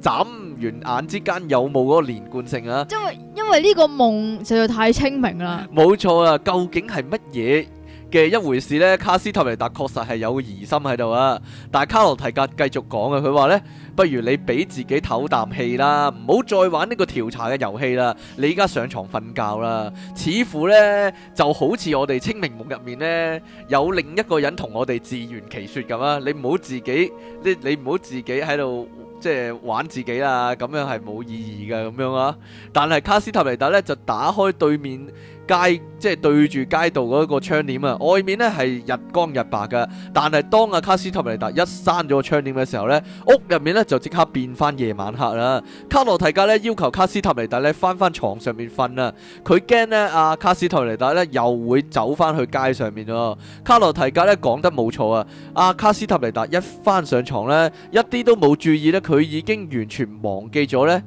眨完眼之間有冇嗰個連貫性啊？因為因為呢個夢實在太清明啦。冇錯啊，究竟係乜嘢嘅一回事咧？卡斯塔尼達確實係有疑心喺度啊。但係卡洛提格繼續講啊，佢話咧，不如你俾自己唞啖氣啦，唔好再玩呢個調查嘅遊戲啦。你依家上床瞓覺啦。似乎咧就好似我哋清明夢入面咧有另一個人同我哋自圓其說咁啊。你唔好自己，你你唔好自己喺度。即係玩自己啊，咁樣係冇意義嘅咁樣啊！但係卡斯塔尼達咧就打開對面街即係對住街道嗰一個窗簾啊，外面呢係日光日白噶，但係當阿卡斯塔尼達一閂咗個窗簾嘅時候呢，屋入面呢就即刻變翻夜晚黑啦。卡羅提格呢要求卡斯塔尼達呢翻翻床上面瞓啦，佢驚呢，阿卡斯塔尼達呢又會走翻去街上面咯。卡羅提格呢講得冇錯啊，阿卡斯塔尼達一翻上床呢，一啲都冇注意呢，佢已經完全忘記咗呢。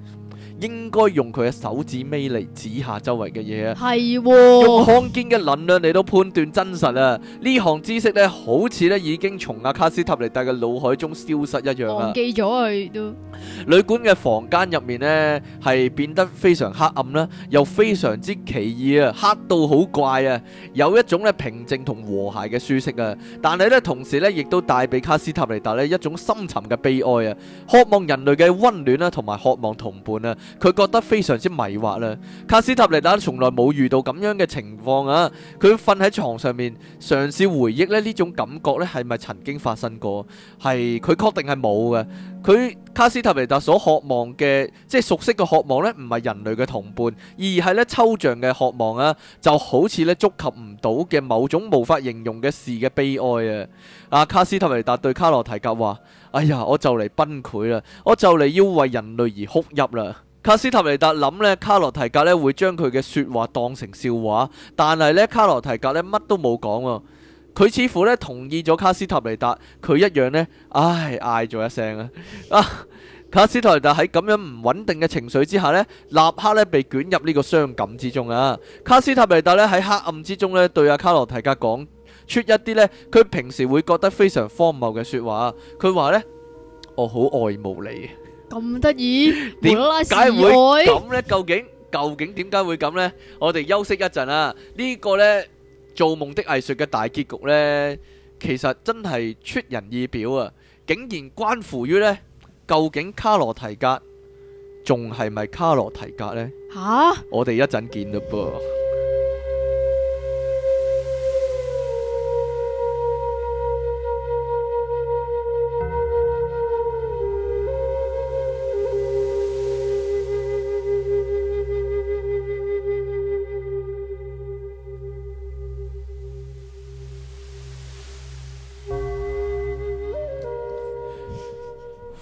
應該用佢嘅手指尾嚟指下周圍嘅嘢啊！係 [noise] 用康堅嘅能量嚟到判斷真實啊！呢項知識咧，好似咧已經從阿卡斯塔尼達嘅腦海中消失一樣啊！忘記咗佢都。旅館嘅房間入面呢，係變得非常黑暗啦，又非常之奇異啊，黑到好怪啊，有一種咧平靜同和，和諧嘅舒適啊，但係咧同時咧，亦都帶俾卡斯塔尼達咧一種深沉嘅悲哀啊，渴望人類嘅温暖啦，同埋渴望同伴啊！佢覺得非常之迷惑啦，卡斯塔尼達從來冇遇到咁樣嘅情況啊！佢瞓喺床上面，嘗試回憶呢呢種感覺呢係咪曾經發生過？係佢確定係冇嘅。佢卡斯塔尼達所渴望嘅，即係熟悉嘅渴望呢唔係人類嘅同伴，而係呢抽象嘅渴望啊！就好似呢觸及唔到嘅某種無法形容嘅事嘅悲哀啊！啊，卡斯塔尼達對卡洛提格話：哎呀，我就嚟崩潰啦！我就嚟要為人類而哭泣啦！卡斯塔尼達諗呢，卡洛提格咧會將佢嘅說話當成笑話，但係呢，卡洛提格咧乜都冇講喎，佢似乎咧同意咗卡斯塔尼達，佢一樣呢，唉嗌咗一聲啊！卡斯塔尼達喺咁樣唔穩定嘅情緒之下呢，立刻咧被捲入呢個傷感之中啊！卡斯塔尼達咧喺黑暗之中咧對阿卡洛提格講出一啲呢，佢平時會覺得非常荒謬嘅說話，佢話呢：「我好愛慕你。」咁得意，點解會咁呢？究竟究竟點解會咁呢？我哋休息一陣啊！呢個呢，做夢的藝術嘅大結局呢，其實真係出人意表啊！竟然關乎於呢，究竟卡羅提格仲係咪卡羅提格呢？吓！我哋一陣見咯噃。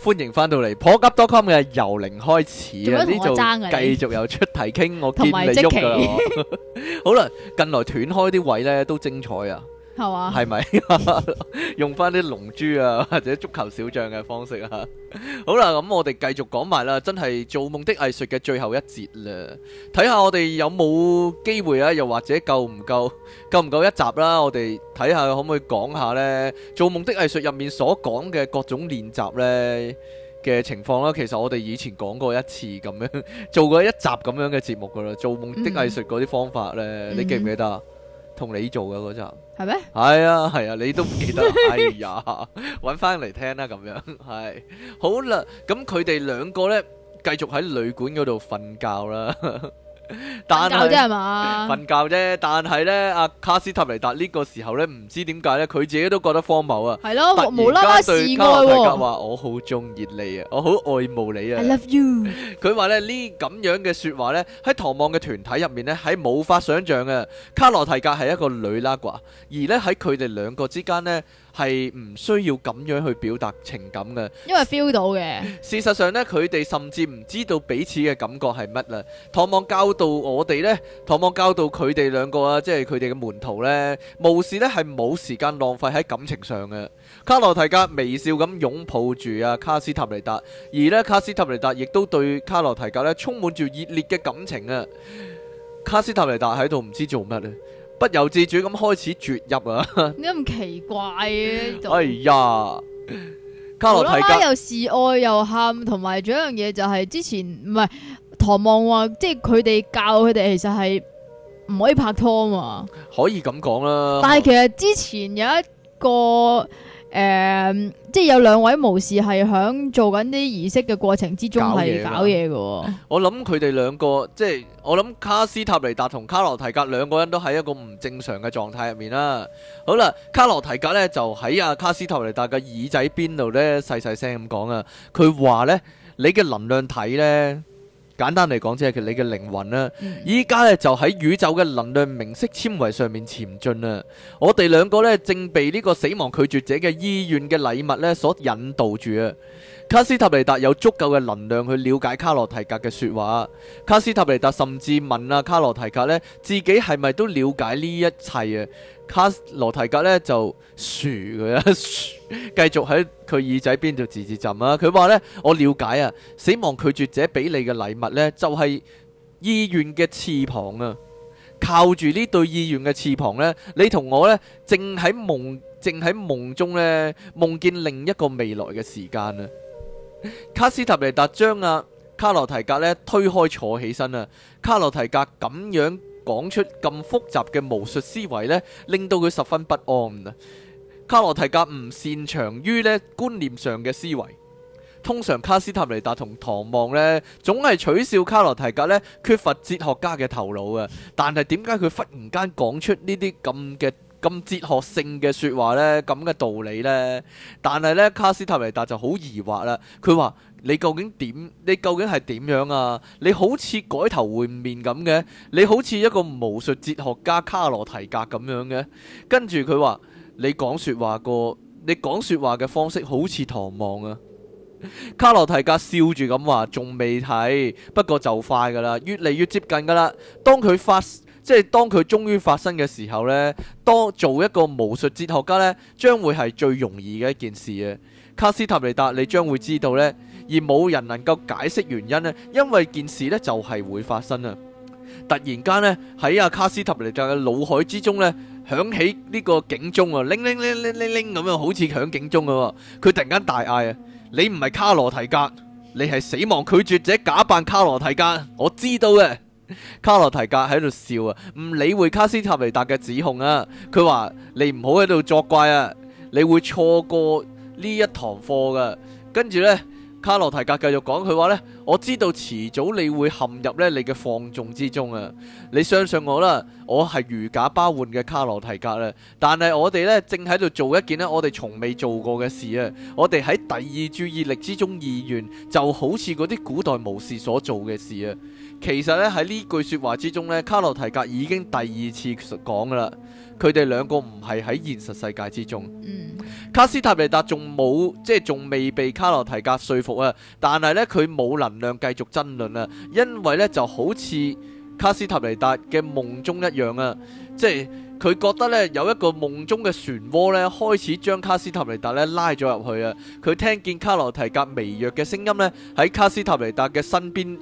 歡迎翻到嚟普及多 .com 嘅由零開始，呢度、啊、繼續又出題傾， [laughs] 我見你喐㗎啦。 [laughs] [laughs] 好啦，近來斷開啲位咧，都精彩啊！係咪好、啊、 [laughs] 用翻啲龍珠啊，或者足球小將嘅方式啊？ [laughs] 好啦，咁我哋繼續講埋啦，真係做夢的藝術嘅最後一節啦。睇下我哋有冇機會啊？又或者夠唔夠？夠唔夠一集啦？我哋睇下可唔可以講下呢？《做夢的藝術》入面所講嘅各種練習呢嘅情況啦。其實我哋以前講過一次咁樣，做過一集咁樣嘅節目噶啦。做夢的藝術嗰啲方法呢，嗯嗯你記唔記得啊？同你做嘅嗰集係咩？係嗎啊，係啊，你都唔記得， [laughs] 哎呀，揾翻嚟聽啦，咁樣係好啦。咁佢哋兩個咧，繼續喺旅館嗰度瞓覺啦。呵呵瞓 [laughs] 是覺啫係嘛，瞓覺啫，但係呢，阿卡斯塔尼達呢個時候呢，唔知點解呢，佢自己都覺得荒謬啊，係咯了，無啦啦示愛喎。突然間對卡羅提格話： [laughs] 我好中意你啊，我好愛慕你啊。I love you。 [laughs] 佢話呢，呢咁樣嘅說話呢，喺唐望嘅團體入面呢，係無法想象嘅。卡羅提格係一個女啦啩，而呢，喺佢哋兩個之間呢。係唔需要咁樣去表達情感嘅，因為 feel 到嘅。事實上呢，佢哋甚至唔知道彼此嘅感覺係乜啦。唐望教到我哋呢，唐望教到佢哋兩個啊，即係佢哋嘅門徒呢，無事呢係冇時間浪費喺感情上嘅。卡羅提格微笑咁擁抱住啊卡斯塔尼達，而呢卡斯塔尼達亦都對卡羅提格呢充滿住熱烈嘅感情啊。卡斯塔尼達喺度唔知做乜呢，不由自主咁開始啜泣啊！你咁奇怪嘅、啊， [laughs] 哎呀！卡洛提吉又示愛又喊，同埋仲有一樣嘢就係之前唔係唐望話，即係佢哋教佢哋其實係唔可以拍拖啊嘛，可以咁講啦。但係其實之前有一個。誒、嗯，即係有兩位巫師係響做緊啲儀式嘅過程之中係搞嘢㗎。我諗佢哋兩個，即係我諗卡斯塔尼達同卡羅提格兩個人都喺一個唔正常嘅狀態入面啦。好啦，卡羅提格呢就喺阿、啊、卡斯塔尼達嘅耳仔邊度呢，細細聲咁講啊，佢話呢：「你嘅能量體呢？」簡單嚟講，即係佢你嘅靈魂啦。依家咧就喺宇宙嘅能量明晰纖維上面前進啦。我哋兩個呢，正被呢個死亡拒絕者嘅醫院嘅禮物呢所引導住啊。卡斯塔尼達有足夠嘅能量去了解卡洛提格嘅説話。卡斯塔尼達甚至問，啊卡洛提格呢，自己係咪都了解呢一切啊？卡羅提格呢就豎佢一豎，繼續喺佢耳仔邊度自自浸啦。佢話呢：「我了解啊，死亡拒絕者俾你嘅禮物呢，就係意願嘅翅膀啊！」靠住呢對意願嘅翅膀呢，你同我呢，正喺夢，正喺夢中呢，夢見另一個未來嘅時間啊！卡斯塔尼達將阿卡羅提格呢推開坐起身啊！卡羅提格咁樣。講出咁複雜嘅巫術思維呢，令到佢十分不安啊！卡洛提格唔擅長於呢觀念上嘅思維，通常卡斯塔尼達同唐望呢，總係取笑卡洛提格呢缺乏哲學家嘅頭腦啊！但係點解佢忽然間講出呢啲咁嘅咁哲學性嘅說話呢？咁嘅道理呢？但係呢，卡斯塔尼達就好疑惑啦，佢話。你究竟點？你究竟係點樣啊？你好似改頭換面咁嘅，你好似一個巫術哲學家卡羅提格咁樣嘅。跟住佢話：你講說話個，你講說話嘅方式好似唐望啊！卡羅提格笑住咁話：仲未睇，不過就快㗎喇，越嚟越接近㗎喇。當佢發，即係當佢終於發生嘅時候呢，當做一個巫術哲學家呢，將會係最容易嘅一件事嘅。卡斯塔尼達，你將會知道呢。而冇人能夠解釋原因呢，因為件事呢就係會發生啊。突然間呢喺阿卡斯塔尼達嘅腦海之中呢響起呢個警鐘啊，鈴鈴鈴鈴鈴鈴咁樣好似響警鐘噶。佢突然間大嗌，啊！你唔係卡羅提格，你係死亡拒絕者，假扮卡羅提格。我知道嘅卡羅提格喺度笑啊，唔理會卡斯塔尼達嘅指控啊。佢話，你唔好喺度作怪啊，你會錯過呢一堂課噶。跟住呢。卡洛提格繼續講，佢話呢，我知道遲早你會陷入咧你嘅放縱之中啊！你相信我啦，我係如假包換嘅卡洛提格啦。但係我哋呢，正喺度做一件咧我哋從未做過嘅事啊！我哋喺第二注意力之中，意願就好似嗰啲古代巫師所做嘅事啊。其實呢，喺呢句説話之中呢，卡洛提格已經第二次講噶啦。佢哋兩個唔係喺現實世界之中。卡斯塔尼達仲冇即係仲未被卡洛提格説服啊，但係呢佢冇能量繼續爭論啊，因為呢就好似卡斯塔尼達嘅夢中一樣啊，即係佢覺得呢有一個夢中嘅漩渦呢開始將卡斯塔尼達呢拉咗入去啊，佢聽見卡洛提格微弱嘅聲音呢喺卡斯塔尼達嘅身邊。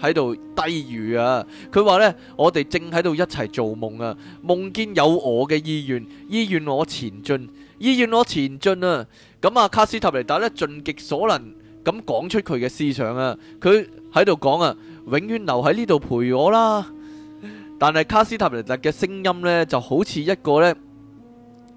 喺度低語啊！佢話呢，我哋正喺度一齊做夢啊！夢見有我嘅意願，意願我前進，意願我前進啊！咁啊，卡斯塔尼達呢，盡極所能咁講出佢嘅思想啊！佢喺度講啊，永遠留喺呢度陪我啦！但係卡斯塔尼達嘅聲音呢，就好似一個呢，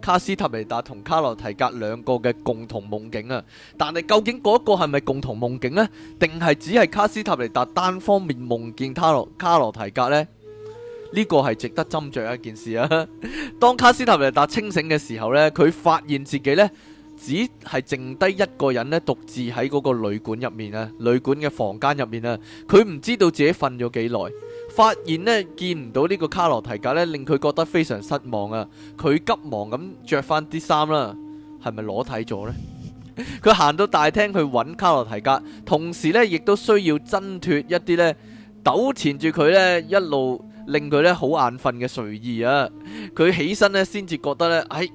卡斯塔尼達同卡洛提格兩個嘅共同夢境啊，但係究竟嗰一個係咪共同夢境呢？定係只係卡斯塔尼達單方面夢見卡羅卡洛提格呢？呢、這個係值得斟酌一件事啊！ [laughs] 當卡斯塔尼達清醒嘅時候呢，佢發現自己呢，只係剩低一個人呢，獨自喺嗰個旅館入面啊，旅館嘅房間入面啊，佢唔知道自己瞓咗幾耐。發現咧見唔到呢個卡羅提格咧，令佢覺得非常失望啊！佢急忙咁着翻啲衫啦，係咪裸體咗呢？佢 [laughs] 行到大廳去揾卡羅提格，同時呢亦都需要掙脫一啲呢，糾纏住佢呢一路令佢呢好眼瞓嘅睡意啊！佢起身呢先至覺得呢，哎，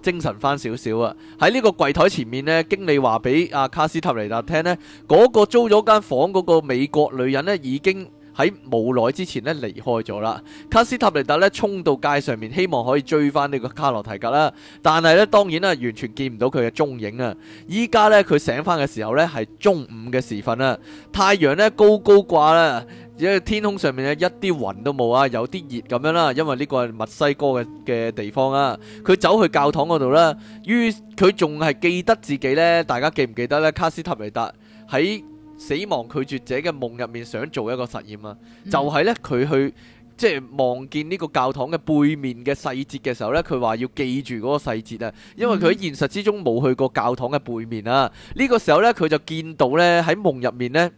精神翻少少啊！喺呢個櫃台前面呢，經理話俾阿卡斯塔尼達聽呢，嗰、嗰個租咗間房嗰個美國女人呢已經。喺冇耐之前咧離開咗啦，卡斯塔尼達咧衝到街上面，希望可以追翻呢個卡洛提格啦。但係咧，當然啦，完全見唔到佢嘅蹤影啊！依家咧佢醒翻嘅時候咧係中午嘅時分啦，太陽咧高高掛啦，因為天空上面咧一啲雲都冇啊，有啲熱咁樣啦，因為呢個係墨西哥嘅嘅地方啊。佢走去教堂嗰度啦，於佢仲係記得自己咧，大家記唔記得咧？卡斯塔尼達喺死亡拒絕者嘅夢入面想做一個實驗啊，就係呢。佢去即係望見呢個教堂嘅背面嘅細節嘅時候呢，佢話要記住嗰個細節啊，因為佢喺現實之中冇去過教堂嘅背面啊。呢個時候呢，佢就見到呢喺夢入面呢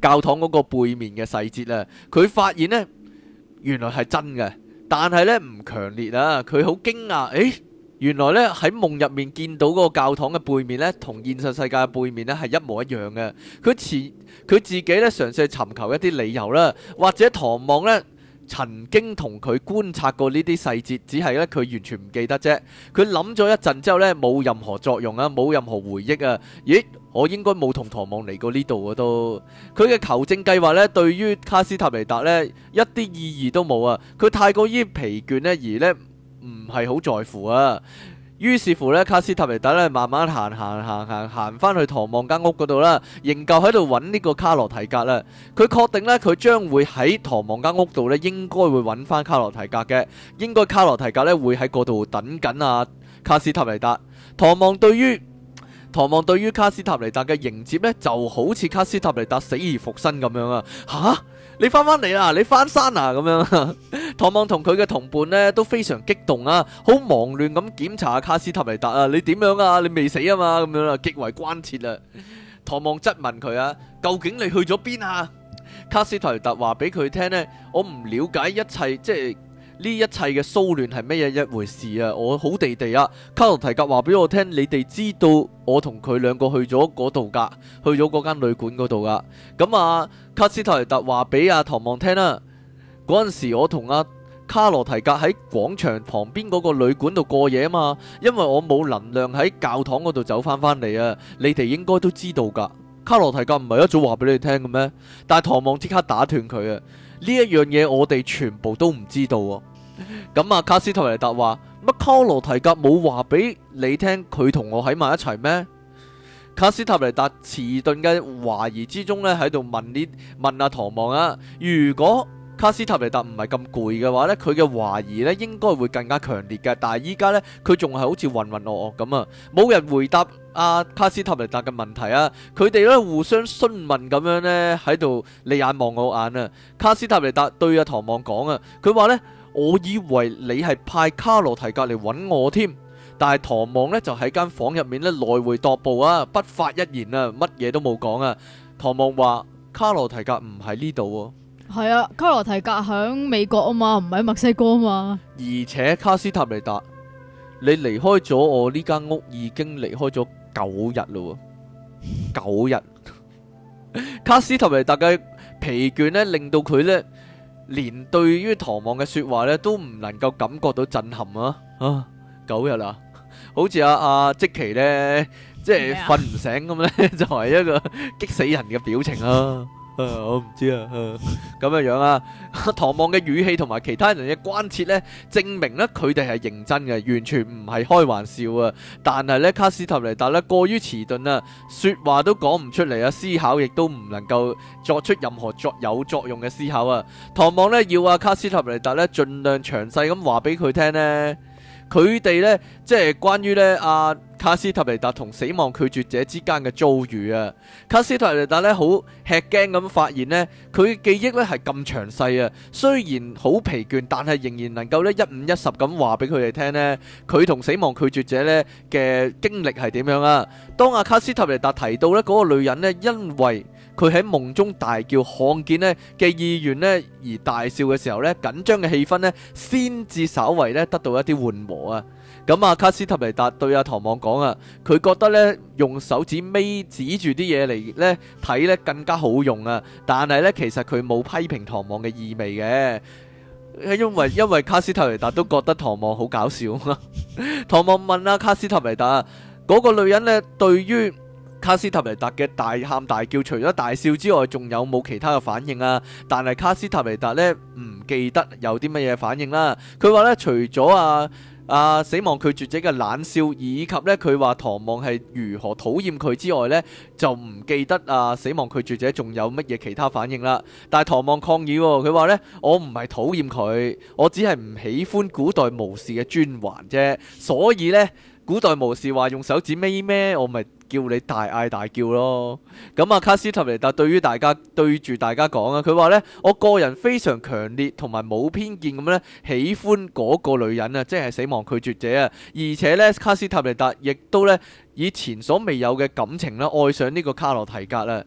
教堂嗰個背面嘅細節啊，佢發現呢，原來係真嘅，但係呢唔強烈啊，佢好驚訝，誒。原來咧，喺夢入面見到嗰個教堂嘅背面呢，同現實世界嘅背面呢係一模一樣嘅。佢前佢自己呢，嘗試尋求一啲理由啦，或者唐望呢曾經同佢觀察過呢啲細節，只係呢，佢完全唔記得啫。佢諗咗一陣之後呢，冇任何作用啊，冇任何回憶啊。咦，我應該冇同唐望嚟過呢度嘅都。佢嘅求證計劃呢，對於卡斯塔尼達呢，一啲意義都冇啊。佢太過於疲倦呢，而呢……唔係好在乎啊，於是乎呢，卡斯塔尼達呢慢慢行行行行行翻去唐望間屋嗰度啦，仍舊喺度揾呢個卡羅提格啦。佢確定呢，佢將會喺唐望間屋度呢應該會揾翻卡羅提格嘅。應該卡羅提格呢會喺嗰度等緊啊。卡斯塔尼達，唐望對於唐望對於卡斯塔尼達嘅迎接呢，就好似卡斯塔尼達死而復生咁樣啊！嚇？你翻翻嚟啦，你翻山啊咁樣，唐望同佢嘅同伴咧都非常激動啊，好忙亂咁檢查阿卡斯塔尼達啊，你點樣啊，你未死啊嘛，咁樣啊，極為關切啊。唐望質問佢啊，究竟你去咗邊啊？卡斯塔尼達話俾佢聽咧，我唔了解一切，即係。呢一切嘅騷亂係咩嘢一回事啊？我好地地啊，卡洛提格話俾我聽，你哋知道我同佢兩個去咗嗰度噶，去咗嗰間旅館嗰度噶。咁啊，卡斯特泰特話俾阿唐望聽啦、啊。嗰陣時我同阿、啊、卡洛提格喺廣場旁邊嗰個旅館度過夜啊嘛，因為我冇能量喺教堂嗰度走返返嚟啊。你哋應該都知道噶，卡洛提格唔係一早話俾你聽嘅咩？但係唐望即刻打斷佢啊！呢一樣嘢我哋全部都唔知道喎，哦。咁啊，卡斯塔尼達話乜科羅提格冇話俾你聽佢同我喺埋一齊咩？卡斯塔尼達遲鈍嘅懷疑之中呢，喺度問呢問阿、啊、唐望啊。如果卡斯塔尼達唔係咁攰嘅話呢，佢嘅懷疑呢應該會更加強烈嘅。但係依家呢，佢仲係好暈暈似渾渾噩噩咁啊。冇人回答。阿、啊、卡斯塔尼達嘅問題啊，佢哋咧互相詢問咁樣呢，喺度你眼望我眼啊。卡斯塔尼達對阿、啊、唐望講啊，佢話呢：「我以為你係派卡羅提格嚟揾我添。但係唐望呢，就喺間房入面呢，來回踱步啊，不發一言啊，乜嘢都冇講啊。唐望話：卡羅提格唔喺呢度喎。係啊，卡羅提格喺美國啊嘛，唔喺墨西哥啊嘛。而且卡斯塔尼達，你離開咗我呢間屋已經離開咗九日嘞喎，九日。卡斯提尼達嘅疲倦咧，令到佢咧，連對於唐望嘅説話咧，都唔能夠感覺到震撼啊！啊，九日啦，好似阿阿積奇咧，即係瞓唔醒咁咧，就係一個激死人嘅表情啊！誒，我唔知啊，咁嘅樣啊，唐望嘅語氣同埋其他人嘅關切呢，證明呢，佢哋係認真嘅，完全唔係開玩笑啊。但係呢，卡斯塔尼達呢，過於遲鈍啊，說話都講唔出嚟啊，思考亦都唔能夠作出任何作有作用嘅思考啊。唐望呢，要啊卡斯塔尼達呢，盡量詳細咁話俾佢聽呢。佢哋呢，即係關於呢阿卡斯塔尼達同死亡拒絕者之間嘅遭遇啊！卡斯塔尼達呢，好吃驚咁，發現呢，佢記憶呢係咁詳細啊！雖然好疲倦，但係仍然能夠呢一五一十咁話俾佢哋聽呢。佢同死亡拒絕者呢嘅經歷係點樣啊！當阿卡斯塔尼達提到呢嗰個女人呢，因為佢喺夢中大叫看見咧嘅意願咧而大笑嘅時候咧，緊張嘅氣氛咧先至稍為咧得到一啲緩和啊！咁啊卡斯提尼達對阿唐望講啊，佢覺得咧用手指尾指住啲嘢嚟咧睇咧更加好用啊！但係咧其實佢冇批評唐望嘅意味嘅，因為因為卡斯提尼達都覺得唐望好搞笑。 [laughs] 唐望問阿卡斯提尼達嗰、那個女人咧對於？卡斯塔尼達嘅大喊大叫，除咗大笑之外，仲有冇其他嘅反應啊？但係卡斯塔尼達呢唔記得有啲乜嘢反應啦。佢話呢除咗啊啊死亡拒絕者嘅冷笑，以及呢佢話唐望係如何討厭佢之外呢，就唔記得啊死亡拒絕者仲有乜嘢其他反應啦。但係唐望抗議，哦，佢話呢我唔係討厭佢，我只係唔喜歡古代巫師嘅專橫啫。所以呢古代巫師話用手指尾咩，我咪。叫你大嗌大叫咯，咁啊卡斯塔尼達對於大家對住大家講啊，佢話呢：「我個人非常強烈同埋冇偏見咁呢，喜歡嗰個女人啊，即係死亡拒絕者啊，而且呢，卡斯塔尼達亦都呢，以前所未有嘅感情呢，愛上呢個卡洛提格喇。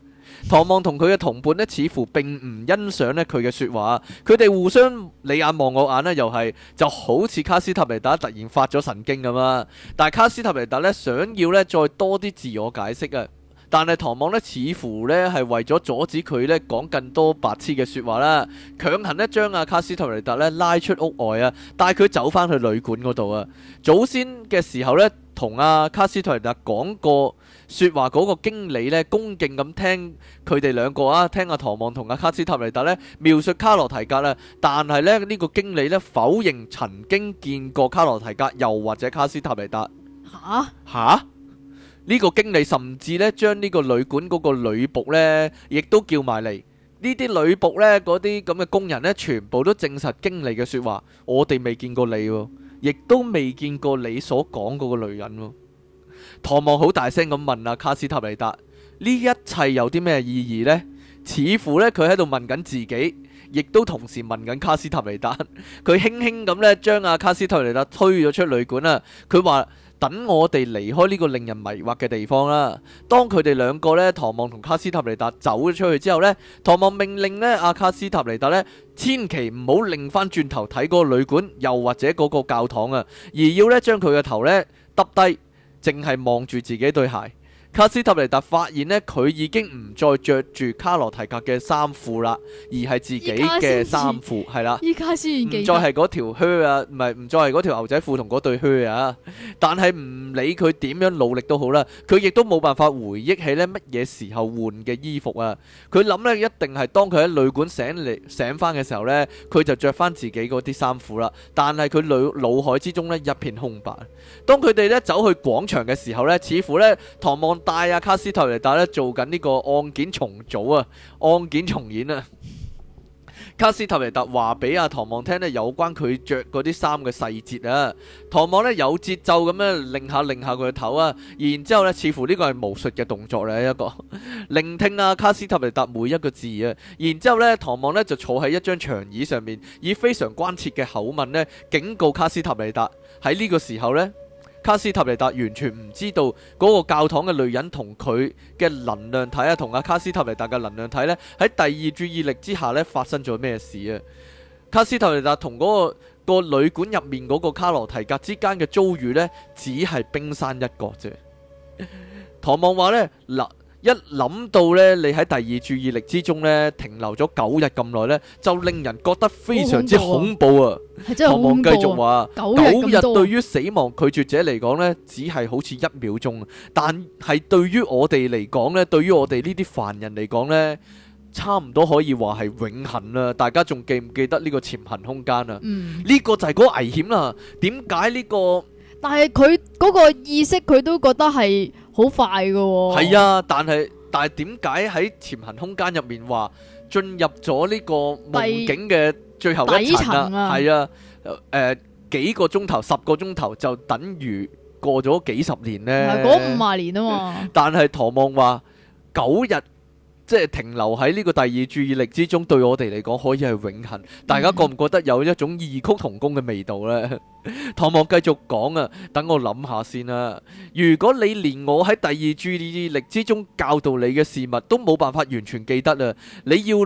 唐望同佢嘅同伴咧，似乎並唔欣賞咧佢嘅說話，佢哋互相你眼望我眼咧，又係就好似卡斯塔尼達突然發咗神經咁啦。但係卡斯塔尼達咧想要咧再多啲自我解釋啊，但係唐望咧似乎咧係為咗阻止佢咧講更多白痴嘅說話啦，強行咧將阿卡斯塔尼達咧拉出屋外啊，帶佢走返去旅館嗰度啊。祖先嘅時候呢，同阿卡斯塔尼達講過。說話嗰個經理咧，恭敬咁聽佢哋兩個啊，聽阿、啊、唐望同阿、啊、卡斯塔尼達咧描述卡羅提格啦，但係咧呢、這個經理咧否認曾經見過卡羅提格，又或者卡斯塔尼達。吓吓哈？呢、這個經理甚至咧將呢個旅館嗰個女僕呢，亦都叫埋嚟。呢啲女僕呢，嗰啲咁嘅工人呢，全部都證實經理嘅說話，我哋未見過你、哦，亦都未見過你所講嗰個女人、哦。唐望好大聲咁問阿卡斯塔尼達，呢一切有啲咩意義呢？似乎呢，佢喺度問緊自己，亦都同時問緊卡斯塔尼達。佢 [laughs] 輕輕咁咧，將阿卡斯塔尼達推咗出旅館啊，佢話等我哋離開呢個令人迷惑嘅地方啦。當佢哋兩個呢，唐望同卡斯塔尼達走咗出去之後呢，唐望命令呢，阿卡斯塔尼達呢，千祈唔好擰翻轉頭睇嗰個旅館，又或者嗰個教堂啊，而要呢將佢嘅頭呢，耷低。淨係望住自己對鞋。卡斯塔尼達發現咧，佢已經唔再着住卡羅提格嘅衫褲啦，而係自己嘅衫褲，係啦，依家唔再係嗰條靴啊，唔係唔再係嗰條牛仔褲同嗰對靴啊，但係唔理佢點樣努力都好啦，佢亦都冇辦法回憶起咧乜嘢時候換嘅衣服啊，佢諗咧一定係當佢喺旅館醒嚟醒翻嘅時候咧，佢就着翻自己嗰啲衫褲啦，但係佢腦腦海之中咧一片空白。當佢哋咧走去廣場嘅時候咧，似乎咧唐望帶阿、啊、卡斯提尼達咧做緊呢個案件重組啊，案件重演啊。卡斯提尼達話俾阿唐望聽咧有關佢着嗰啲衫嘅細節啊，唐望咧有節奏咁樣擰下擰下佢個頭啊然之後咧似乎呢個係巫術嘅動作咧、啊、一個 [laughs] 聆聽阿、啊、卡斯提尼達每一個字啊，然之後咧唐望呢就坐喺一張長椅上面，以非常關切嘅口吻咧警告卡斯提尼達喺呢個時候呢。卡斯塔尼達完全唔知道嗰個教堂嘅女人同佢嘅能量體啊，同阿卡斯塔尼達嘅能量體呢，喺第二注意力之下呢，發生咗咩事啊？卡斯塔尼達同嗰個、嗰個旅館入面嗰個卡羅提格之間嘅遭遇呢，只係冰山一角啫。唐望話呢，一諗到咧，你喺第二注意力之中咧停留咗九日咁耐咧，就令人覺得非常之恐怖啊！唐望仲話九日對於死亡拒絕者嚟講咧，只係好似一秒鐘，但係對於我哋嚟講咧，對於我哋呢啲凡人嚟講咧，差唔多可以話係永恆啦。大家仲記唔記得呢個潛行空間啊？呢個就係嗰個危險啦。點解呢個？但係佢嗰個意識，佢都覺得係好快嘅喎。係啊，但係但係點解喺潛行空間入面話進入咗呢個夢境嘅最後一層啦？係啊，誒底層、啊啊呃、幾個鐘頭十個鐘頭，就等於過咗幾十年呢。嗰五萬年啊嘛。但係唐望話九日。即係停留喺呢個第二注意力之中，對我哋嚟講可以係永恆。大家覺唔覺得有一種異曲同工嘅味道呢？唐望繼續講啊，等我諗下先啦。如果你連我喺第二注意力之中教導你嘅事物都冇辦法完全記得啊，你要，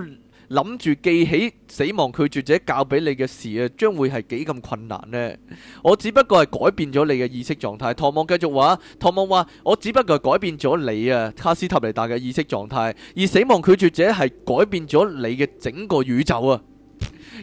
諗住記起死亡拒絕者教俾你嘅事啊，將會係幾咁困難呢？我只不過係改變咗你嘅意識狀態。唐望繼續話：唐望話我只不過係改變咗你啊，卡斯塔尼達嘅意識狀態，而死亡拒絕者係改變咗你嘅整個宇宙啊！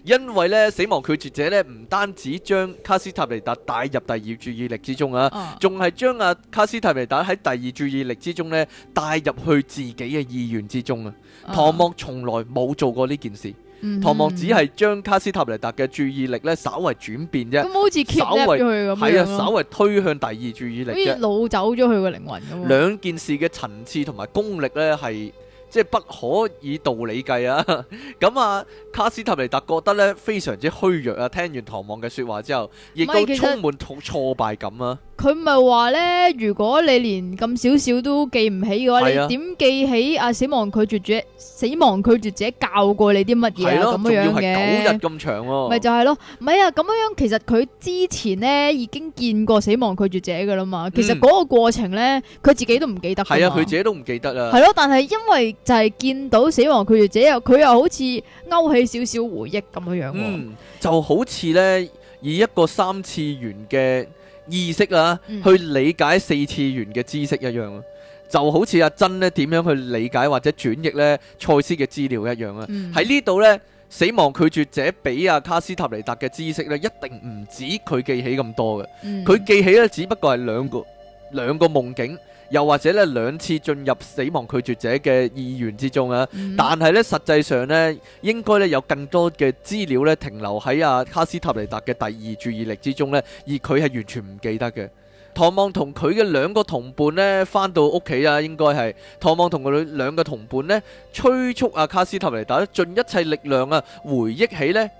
因為咧，死亡拒絕者咧唔單止將卡斯塔尼達帶入第二注意力之中啊，仲係將阿卡斯塔尼達喺第二注意力之中咧帶入去自己嘅意願之中啊。啊唐莫從來冇做過呢件事，嗯、哼唐莫只係將卡斯塔尼達嘅注意力咧稍為轉變啫，咁好似 collapse 咗佢咁，係啊，稍為推向第二注意力，好似路走咗佢個靈魂咁。兩件事嘅層次同埋功力咧係。即係不可以道理計啊！ [laughs] 咁啊，卡斯提尼特覺得咧非常之虛弱啊！聽完唐望嘅説話之後，亦都充滿好挫敗感啊！佢咪話咧，如果你連咁少少都記唔起嘅話，啊、你點記起阿、啊、死亡拒絕者？死亡拒絕者教過你啲乜嘢咁樣嘅？要係九日咁長喎、哦，咪就係咯，咪啊咁樣樣。其實佢之前咧已經見過死亡拒絕者嘅啦嘛。嗯、其實嗰個過程咧，佢自己都唔記得。係啊，佢自己都唔記得啦。係咯、啊，但係因為就係見到死亡拒絕者又佢又好似勾起少少回憶咁樣樣、哦。嗯，就好似咧以一個三次元嘅。意識啊，嗯、去理解四次元嘅知識一樣啊，就好似阿珍呢點樣去理解或者轉譯呢賽斯嘅資料一樣啊！喺呢度呢，死亡拒絕者俾阿卡斯塔尼達嘅知識呢，一定唔止佢記起咁多嘅，佢、嗯、記起呢，只不過係兩個兩個夢境。又或者咧，兩次進入死亡拒絕者嘅意願之中啊！但係咧，實際上咧，應該咧有更多嘅資料咧停留喺阿卡斯塔尼達嘅第二注意力之中咧，而佢係完全唔記得嘅。唐望同佢嘅兩個同伴咧返到屋企啊，應該係唐望同佢兩兩個同伴咧催促阿卡斯塔尼達咧盡一切力量啊，回憶起咧。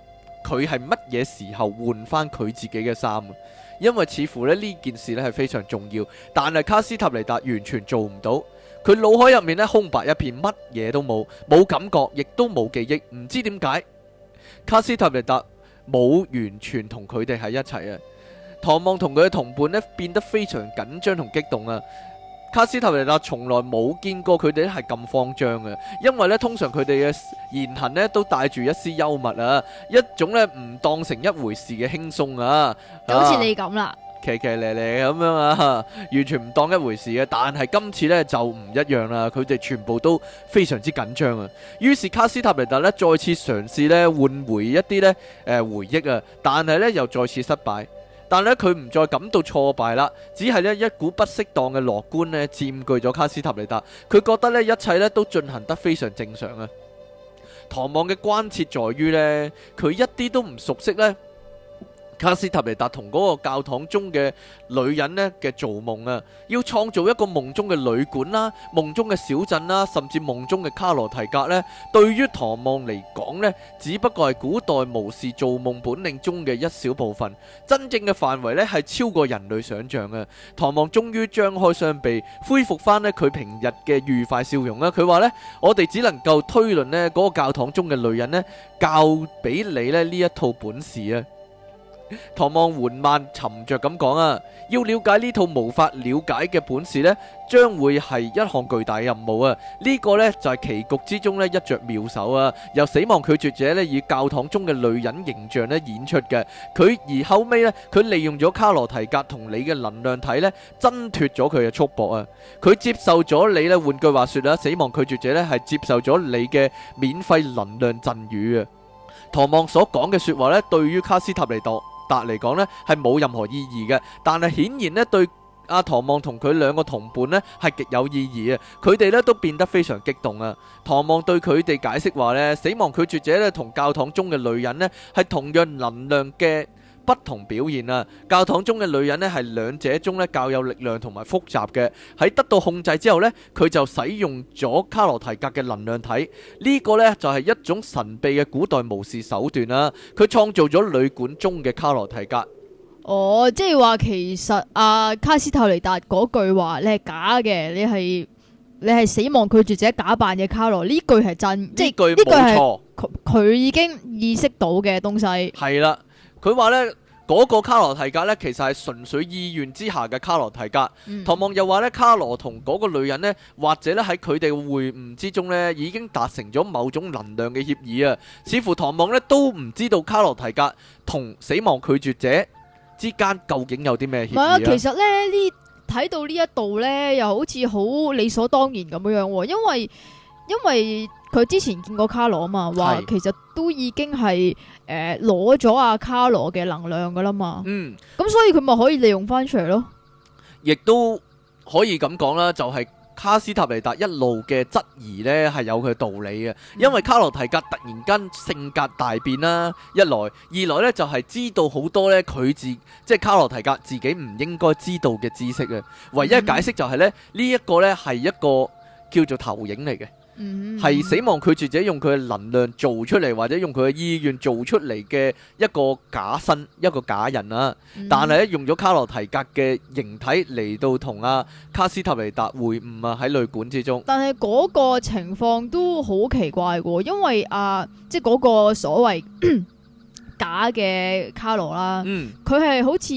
佢係乜嘢時候換翻佢自己嘅衫啊？因為似乎咧呢件事咧係非常重要，但係卡斯塔尼達完全做唔到，佢腦海入面咧空白一片，乜嘢都冇，冇感覺，亦都冇記憶，唔知點解卡斯塔尼達冇完全同佢哋喺一齊啊！唐望同佢嘅同伴咧變得非常緊張同激動啊！卡斯塔尼達從來冇見過佢哋係咁慌張嘅，因為咧通常佢哋嘅言行咧都帶住一絲幽默啊，一種咧唔當成一回事嘅輕鬆啊，就好似你咁啦，騎騎咧咧咁樣啊，完全唔當一回事嘅。但係今次咧就唔一樣啦，佢哋全部都非常之緊張啊。於是卡斯塔尼達咧再次嘗試咧換回一啲咧誒回憶啊，但係咧又再次失敗。但咧，佢唔再感到挫敗啦，只係咧一股不適當嘅樂觀咧佔據咗卡斯塔尼達。佢覺得咧一切咧都進行得非常正常啊。唐望嘅關切在於呢佢一啲都唔熟悉咧。卡斯特尼達同嗰個教堂中嘅女人呢嘅造夢啊，要創造一個夢中嘅旅館啦，夢中嘅小鎮啦，甚至夢中嘅卡羅提格呢。對於唐望嚟講呢，只不過係古代巫士造夢本領中嘅一小部分。真正嘅範圍呢，係超過人類想象嘅。唐望終於張開雙臂，恢復翻呢佢平日嘅愉快笑容啦。佢話呢，我哋只能夠推論呢嗰個教堂中嘅女人呢，教俾你呢呢一套本事啊。唐望緩慢沉着咁講啊，要了解呢套無法了解嘅本事呢，將會係一項巨大任務啊！呢個呢，就係棋局之中呢一着妙手啊，由死亡拒絕者呢以教堂中嘅女人形象咧演出嘅。佢而後尾呢，佢利用咗卡羅提格同你嘅能量體呢，掙脫咗佢嘅束縛啊！佢接受咗你呢，換句話說啦，死亡拒絕者呢係接受咗你嘅免費能量贈予啊！唐望所講嘅說話呢，對於卡斯塔尼度達嚟講咧係冇任何意義嘅，但係顯然咧對阿唐望同佢兩個同伴咧係極有意義啊！佢哋咧都變得非常激動啊！唐望對佢哋解釋話咧，死亡拒絕者咧同教堂中嘅女人咧係同樣能量嘅不同表現啊！教堂中嘅女人呢係兩者中呢較有力量同埋複雜嘅。喺得到控制之後呢，佢就使用咗卡羅提格嘅能量體。呢、這個呢就係一種神秘嘅古代巫師手段啦。佢創造咗旅館中嘅卡羅提格。哦，即係話其實阿、啊、卡斯特尼達嗰句話，你係假嘅，你係你係死亡拒絕者假扮嘅卡羅。呢句係真，真即係呢句冇錯。佢佢錯已經意識到嘅東西係啦。佢話呢嗰個卡羅提格呢，其實係純粹意願之下嘅卡羅提格。嗯、唐望又話呢，卡羅同嗰個女人呢，或者咧喺佢哋嘅會晤之中呢，已經達成咗某種能量嘅協議啊。似乎唐望呢都唔知道卡羅提格同死亡拒絕者之間究竟有啲咩協議。其實呢，呢睇到呢一度呢，又好似好理所當然咁樣喎，因為，因為佢之前見過卡羅啊嘛，話其實都已經係誒攞咗阿卡羅嘅能量噶啦嘛。咁、嗯嗯、所以佢咪可以利用翻出嚟咯。亦都可以咁講啦，就係、是、卡斯塔尼達一路嘅質疑呢係有佢道理嘅。因為卡羅提格突然間性格大變啦，一來二來呢就係知道好多呢，佢自，即係卡羅提格自己唔應該知道嘅知識啊。唯一解釋就係呢，呢一個呢係、就是嗯、一個叫做投影嚟嘅。係、嗯、死亡拒絕者用佢嘅能量做出嚟，或者用佢嘅意願做出嚟嘅一個假身，一個假人啊。嗯、但係咧用咗卡洛提格嘅形體嚟到同阿卡斯塔尼達會晤啊，喺旅館之中。但係嗰個情況都好奇怪嘅、哦，因為啊，即係嗰個所謂 [coughs] 假嘅卡羅啦，佢係、嗯、好似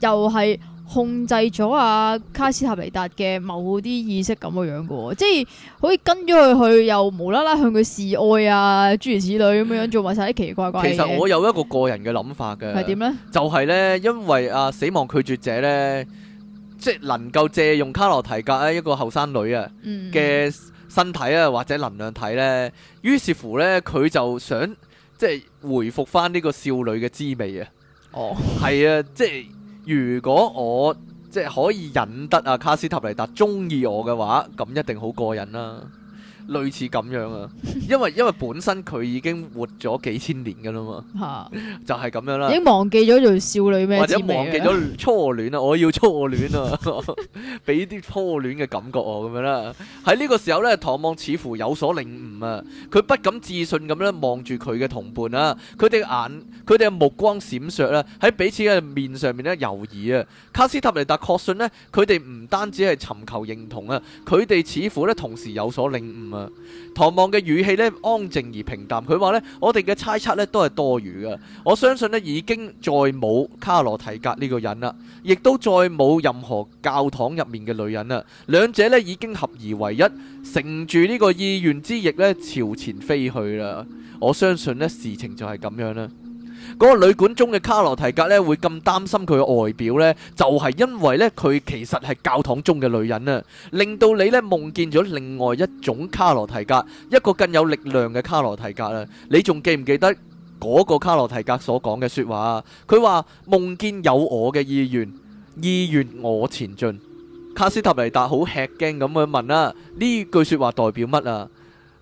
又係。控制咗阿卡斯塔尼達嘅某啲意識咁嘅樣嘅喎，即係可以跟咗佢去，又無啦啦向佢示愛啊，諸如此類咁樣樣做埋晒啲奇奇怪怪嘅嘢。其實我有一個個人嘅諗法嘅，係點呢？就係呢，因為阿死亡拒絕者呢，即係能夠借用卡洛提格一個後生女啊嘅身體啊，或者能量體呢，嗯、於是乎呢，佢就想即係回復返呢個少女嘅滋味啊。哦，係啊，即係。如果我即係可以引得阿、啊、卡斯塔尼達中意我嘅話，咁一定好過癮啦、啊。類似咁樣啊，因為因為本身佢已經活咗幾千年噶啦嘛， [laughs] 就係咁樣啦、啊，已經忘記咗做少女咩、啊、或者忘記咗初戀啊，我要初戀啊，俾啲初戀嘅感覺啊。咁樣啦、啊。喺呢個時候咧，唐望似乎有所領悟啊，佢不敢置信咁咧望住佢嘅同伴啊，佢哋眼佢哋嘅目光閃爍啦，喺彼此嘅面上面咧游移啊。卡斯塔尼達確信呢，佢哋唔單止係尋求認同啊，佢哋似乎咧同時有所領悟、啊。唐望嘅語氣呢，安靜而平淡，佢話呢，我哋嘅猜測呢都係多餘嘅。我相信呢，已經再冇卡羅提格呢個人啦，亦都再冇任何教堂入面嘅女人啦，兩者呢已經合而為一，乘住呢個意願之翼呢，朝前飛去啦，我相信呢，事情就係咁樣啦。嗰個旅館中嘅卡羅提格呢，會咁擔心佢外表呢，就係因為呢，佢其實係教堂中嘅女人啊，令到你呢夢見咗另外一種卡羅提格，一個更有力量嘅卡羅提格啊！你仲記唔記得嗰個卡羅提格所講嘅説話啊？佢話夢見有我嘅意願，意願我前進。卡斯塔尼達好吃驚咁樣問啦：呢句説話代表乜啊？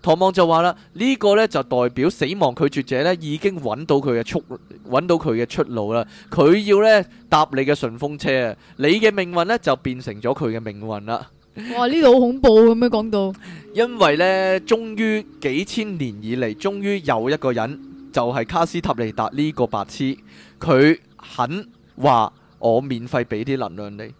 唐望就話啦，呢個呢就代表死亡拒絕者呢已經揾到佢嘅出揾到佢嘅出路啦，佢要呢搭你嘅順風車啊，你嘅命運呢就變成咗佢嘅命運啦。 [laughs] 哇，呢度好恐怖咁樣講到，因為呢，終於幾千年以嚟，終於有一個人就係卡斯塔尼達呢個白痴，佢肯話我免費俾啲能量你。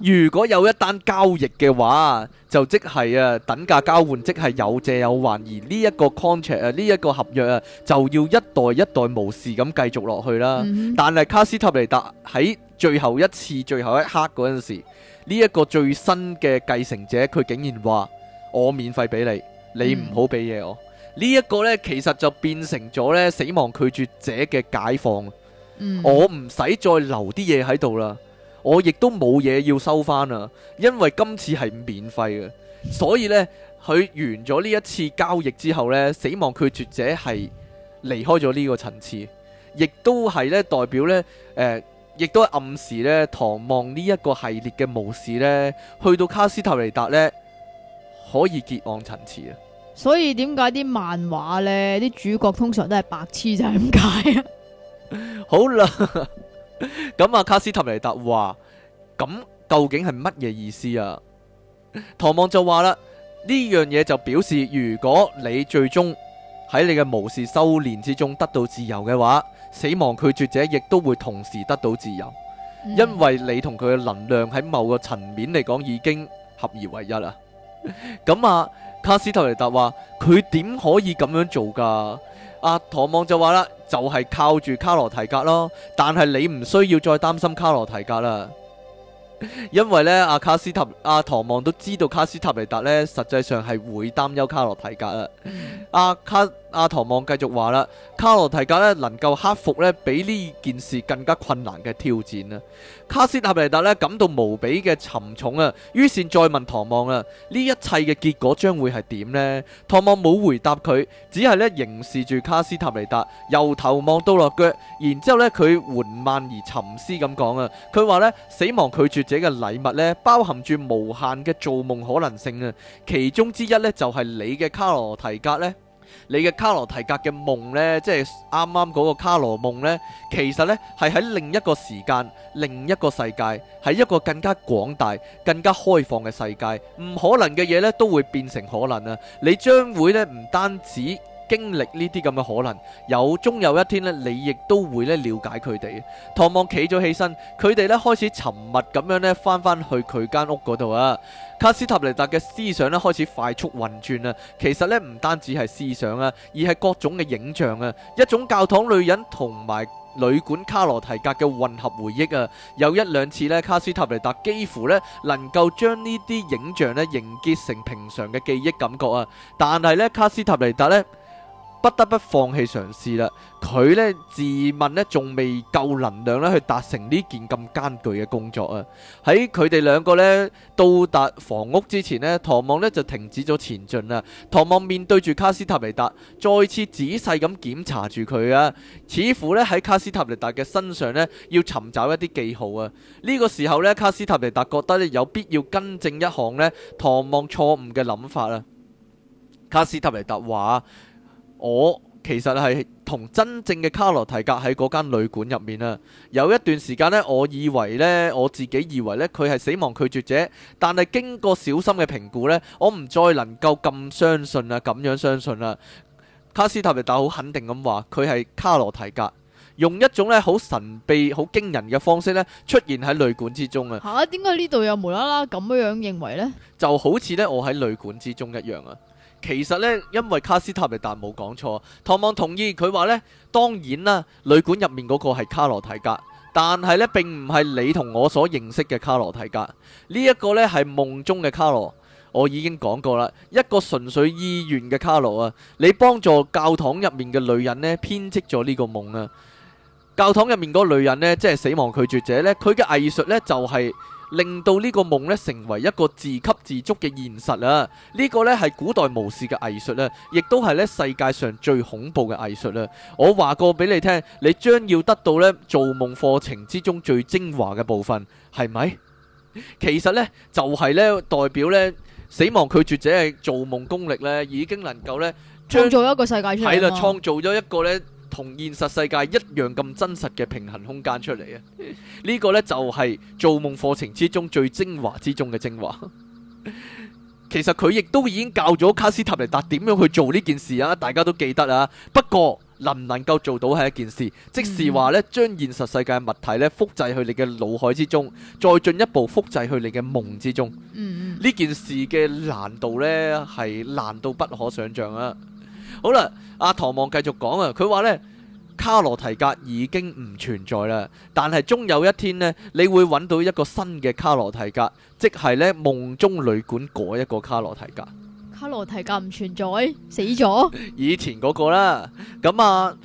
如果有一單交易嘅話，就即係啊等價交換，即係有借有還。而呢一個 contract 啊，呢、這、一個合約啊，就要一代一代無視咁繼續落去啦。嗯、哼但係卡斯塔尼達喺最後一次、最後一刻嗰陣時，呢、這、一個最新嘅繼承者，佢竟然話：我免費俾你，你唔好俾嘢我。呢一、嗯、個呢，其實就變成咗咧死亡拒絕者嘅解放。嗯、我唔使再留啲嘢喺度啦。我亦都冇嘢要收翻啊，因為今次係免費嘅，所以呢，佢完咗呢一次交易之後呢，死亡拒絕者係離開咗呢個層次，亦都係呢代表呢，誒、呃，亦都暗示呢，唐望呢一個系列嘅巫師呢，去到卡斯塔尼達呢，可以結案層次啊。所以點解啲漫畫呢，啲主角通常都係白痴就係噉解啊？ [laughs] 好啦。 [laughs] 咁啊， [laughs] 卡斯特尼達話：咁究竟係乜嘢意思啊？唐望就話啦：呢樣嘢就表示，如果你最終喺你嘅巫士修煉之中得到自由嘅話，死亡拒絕者亦都會同時得到自由，因為你同佢嘅能量喺某個層面嚟講已經合而為一啊。咁啊， [laughs] [laughs] 卡斯特尼達話：佢點可以咁樣做噶？阿唐望就話啦，就係、是、靠住卡羅提格咯，但係你唔需要再擔心卡羅提格啦，因為呢，阿、啊、卡斯塔阿唐望都知道卡斯塔尼達呢，實際上係會擔憂卡羅提格啦，阿、啊、卡。阿唐望繼續話啦，卡羅提格咧能夠克服咧比呢件事更加困難嘅挑戰啦。卡斯塔尼達咧感到無比嘅沉重啊，於是再問唐望啦，呢一切嘅結果將會係點呢？唐望冇回答佢，只係咧凝視住卡斯塔尼達，由頭望到落腳，然之後咧佢緩慢而沉思咁講啊，佢話咧死亡拒絕者嘅禮物咧包含住無限嘅做夢可能性啊，其中之一呢，就係你嘅卡羅提格呢。」你嘅卡羅提格嘅夢呢，即係啱啱嗰個卡羅夢呢，其實呢係喺另一個時間、另一個世界，喺一個更加廣大、更加開放嘅世界。唔可能嘅嘢呢都會變成可能啊！你將會呢唔單止。經歷呢啲咁嘅可能，有終有一天呢，你亦都會呢了解佢哋。唐望企咗起身，佢哋呢開始沉默咁樣呢翻翻去佢間屋嗰度啊。卡斯塔尼達嘅思想呢開始快速運轉啊。其實呢唔單止係思想啊，而係各種嘅影像啊，一種教堂女人同埋旅館卡羅提格嘅混合回憶啊。有一兩次呢，卡斯塔尼達幾乎呢能夠將呢啲影像呢凝結成平常嘅記憶感覺啊。但係呢，卡斯塔尼達呢。不得不放棄嘗試啦。佢咧自問咧，仲未夠能量咧去達成呢件咁艱巨嘅工作啊。喺佢哋兩個咧到達房屋之前咧，唐望咧就停止咗前進啦。唐望面對住卡斯塔尼達，再次仔細咁檢查住佢啊，似乎咧喺卡斯塔尼達嘅身上咧要尋找一啲記號啊。呢、這個時候咧，卡斯塔尼達覺得咧有必要更正一項咧唐望錯誤嘅諗法啊。卡斯塔尼達話。我其實係同真正嘅卡羅提格喺嗰間旅館入面啦。有一段時間咧，我以為呢，我自己以為呢，佢係死亡拒絕者。但係經過小心嘅評估呢，我唔再能夠咁相信啦、啊，咁樣相信啦、啊。卡斯塔迪達好肯定咁話，佢係卡羅提格，用一種呢好神秘、好驚人嘅方式呢，出現喺旅館之中啊！嚇？點解呢度又無啦啦咁樣認為呢？就好似呢，我喺旅館之中一樣啊！其實呢，因為卡斯塔尼達冇講錯，唐望同意佢話呢，當然啦，旅館入面嗰個係卡羅提格，但係呢並唔係你同我所認識嘅卡羅提格，呢、這、一個呢係夢中嘅卡羅，我已經講過啦，一個純粹意願嘅卡羅啊，你幫助教堂入面嘅女人呢編織咗呢個夢啊，教堂入面嗰女人呢，即係死亡拒絕者呢，佢嘅藝術呢就係、是。令到呢個夢咧成為一個自給自足嘅現實啊！呢個咧係古代巫師嘅藝術啦，亦都係咧世界上最恐怖嘅藝術啦。我話過俾你聽，你將要得到咧造夢課程之中最精華嘅部分，係咪？其實呢，就係咧代表咧死亡拒絕者嘅造夢功力咧已經能夠咧創造一個世界出嚟。係啦，創造咗一個咧。同現實世界一樣咁真實嘅平衡空間出嚟啊！呢個呢就係做夢課程之中最精華之中嘅精華。其實佢亦都已經教咗卡斯塔尼達點樣去做呢件事啊！大家都記得啊。不過能唔能夠做到係一件事，即是話咧將現實世界物體咧複製去你嘅腦海之中，再進一步複製去你嘅夢之中。嗯，呢件事嘅難度呢，係難到不可想象啊！好啦，阿、啊、唐望繼續講啊，佢話呢，卡羅提格已經唔存在啦，但係終有一天呢，你會揾到一個新嘅卡羅提格，即係呢夢中旅館嗰一個卡羅提格。卡羅提格唔存在，死咗，以前嗰個啦。咁啊，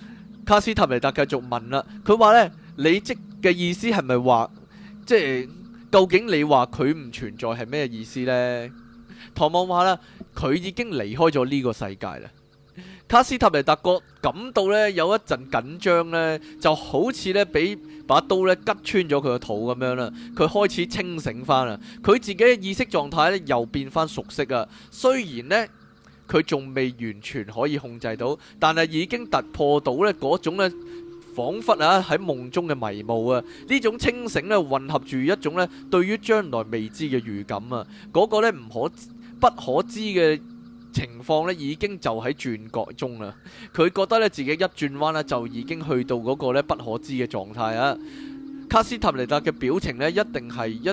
卡斯塔尼達繼續問啦，佢話呢，你即嘅意思係咪話，即係究竟你話佢唔存在係咩意思呢？唐望話呢，佢已經離開咗呢個世界啦。卡斯塔尼達覺感到咧有一陣緊張咧，就好似咧俾把刀咧拮穿咗佢個肚咁樣啦。佢開始清醒翻啦，佢自己嘅意識狀態咧又變翻熟悉啊。雖然咧佢仲未完全可以控制到，但係已經突破到咧嗰種咧彷彿啊喺夢中嘅迷霧啊。呢種清醒咧混合住一種咧對於將來未知嘅預感啊。嗰個咧唔可不可知嘅。情況咧已經就喺轉角中啦，佢覺得咧自己一轉彎呢就已經去到嗰個不可知嘅狀態啊！卡斯塔尼達嘅表情咧一定係一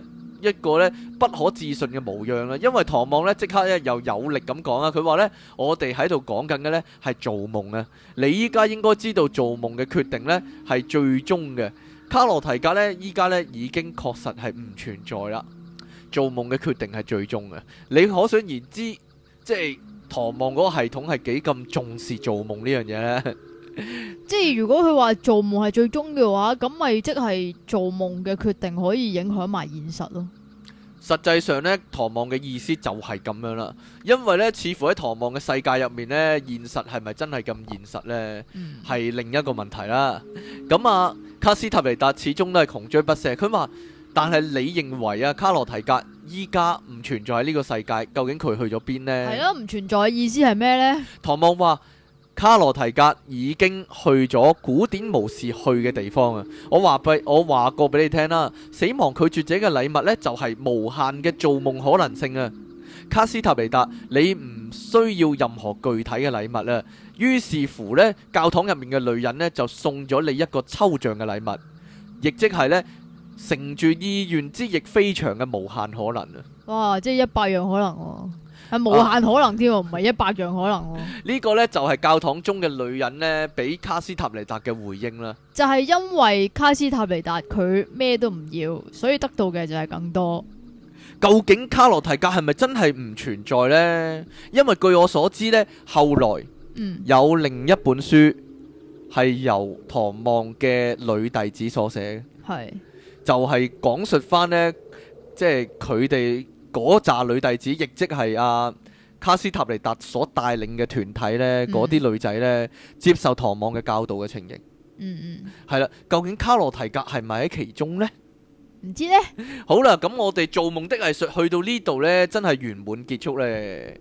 一個咧不可置信嘅模樣啦，因為唐望咧即刻咧又有力咁講啊，佢話呢，我哋喺度講緊嘅呢係做夢啊！你依家應該知道做夢嘅決定咧係最終嘅，卡羅提格呢，依家咧已經確實係唔存在啦。做夢嘅決定係最終嘅，你可想而知，即係。唐望嗰個系統係幾咁重視做夢呢樣嘢呢？ [laughs] 即係如果佢話做夢係最終嘅話，咁咪即係做夢嘅決定可以影響埋現實咯。實際上呢，唐望嘅意思就係咁樣啦。因為呢，似乎喺唐望嘅世界入面呢，現實係咪真係咁現實呢？係、嗯、另一個問題啦。咁啊，卡斯塔尼達始終都係窮追不捨，佢話。但係你認為啊，卡羅提格依家唔存在呢個世界，究竟佢去咗邊呢？係咯、啊，唔存在嘅意思係咩呢？唐望話：卡羅提格已經去咗古典無事去嘅地方啊！我話俾我話過俾你聽啦，死亡拒絕者嘅禮物呢就係、是、無限嘅做夢可能性啊！卡斯塔維達，你唔需要任何具體嘅禮物啦！於是乎呢，教堂入面嘅女人呢就送咗你一個抽象嘅禮物，亦即係呢。乘住意願之翼飛翔嘅無限可能啊！哇，即係一百樣可能，係無限可能添，唔係一百樣可能。呢個呢，就係、是、教堂中嘅女人呢，俾卡斯塔尼達嘅回應啦。就係因為卡斯塔尼達佢咩都唔要，所以得到嘅就係更多。究竟卡洛提格係咪真係唔存在呢？因為據我所知呢，後來嗯有另一本書係由唐望嘅女弟子所寫係。嗯就係講述翻呢，即係佢哋嗰扎女弟子，亦即係阿卡斯塔尼達所帶領嘅團體呢。嗰啲、嗯、女仔呢，接受唐望嘅教導嘅情形。嗯嗯，係啦，究竟卡羅提格係咪喺其中呢？唔知呢。好啦，咁我哋做夢的藝術去到呢度呢，真係圓滿結束呢。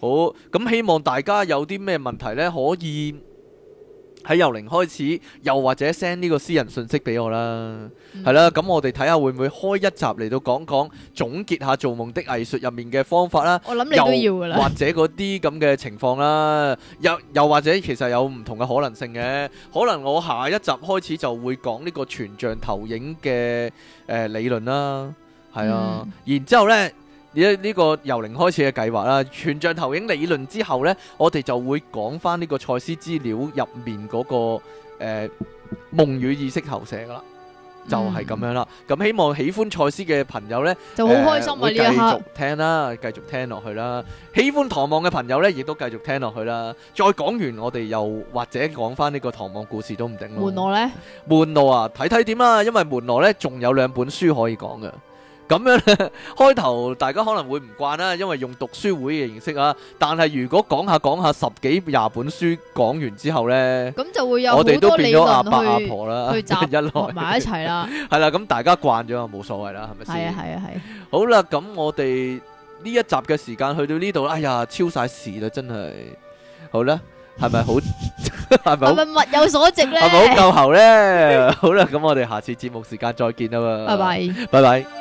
好，咁希望大家有啲咩問題呢，可以，喺由零開始，又或者 send 呢個私人信息俾我啦，係啦、嗯，咁我哋睇下會唔會開一集嚟到講講總結下做夢的藝術入面嘅方法啦。我諗你都要噶啦，或者嗰啲咁嘅情況啦， [laughs] 又又或者其實有唔同嘅可能性嘅，可能我下一集開始就會講呢個全像投影嘅誒、呃、理論啦，係啊，嗯、然之後呢。呢個由零開始嘅計劃啦，全像投影理論之後呢，我哋就會講翻呢個賽斯資料入面嗰，那個誒夢與意識投射啦，就係、是、咁樣啦。咁、嗯、希望喜歡賽斯嘅朋友呢，就好開心啊！一刻繼續聽啦，繼續聽落去啦。喜歡唐望嘅朋友呢，亦都繼續聽落去啦。再講完我哋又或者講翻呢個唐望故事都唔定咯。門羅呢？門羅啊，睇睇點啦，因為門羅呢，仲有兩本書可以講嘅。咁樣咧，開頭大家可能會唔慣啦，因為用讀書會嘅形式啊。但係如果講下講下十幾廿本書講完之後咧，咁就會有好多理論我哋都變咗阿伯阿婆啦，去,去集 [laughs] 一埋來一齊啦。係 [laughs] 啦，咁大家慣咗啊，冇所謂啦，係咪先？係啊，係、哎、啊，係。好啦，咁我哋呢一集嘅時間去到呢度，哎呀，超晒時啦，真係好啦，係咪好？係咪物有所值咧？係咪好夠喉咧？ [laughs] 好啦，咁我哋下次節目時間再見啊嘛，拜拜，拜拜。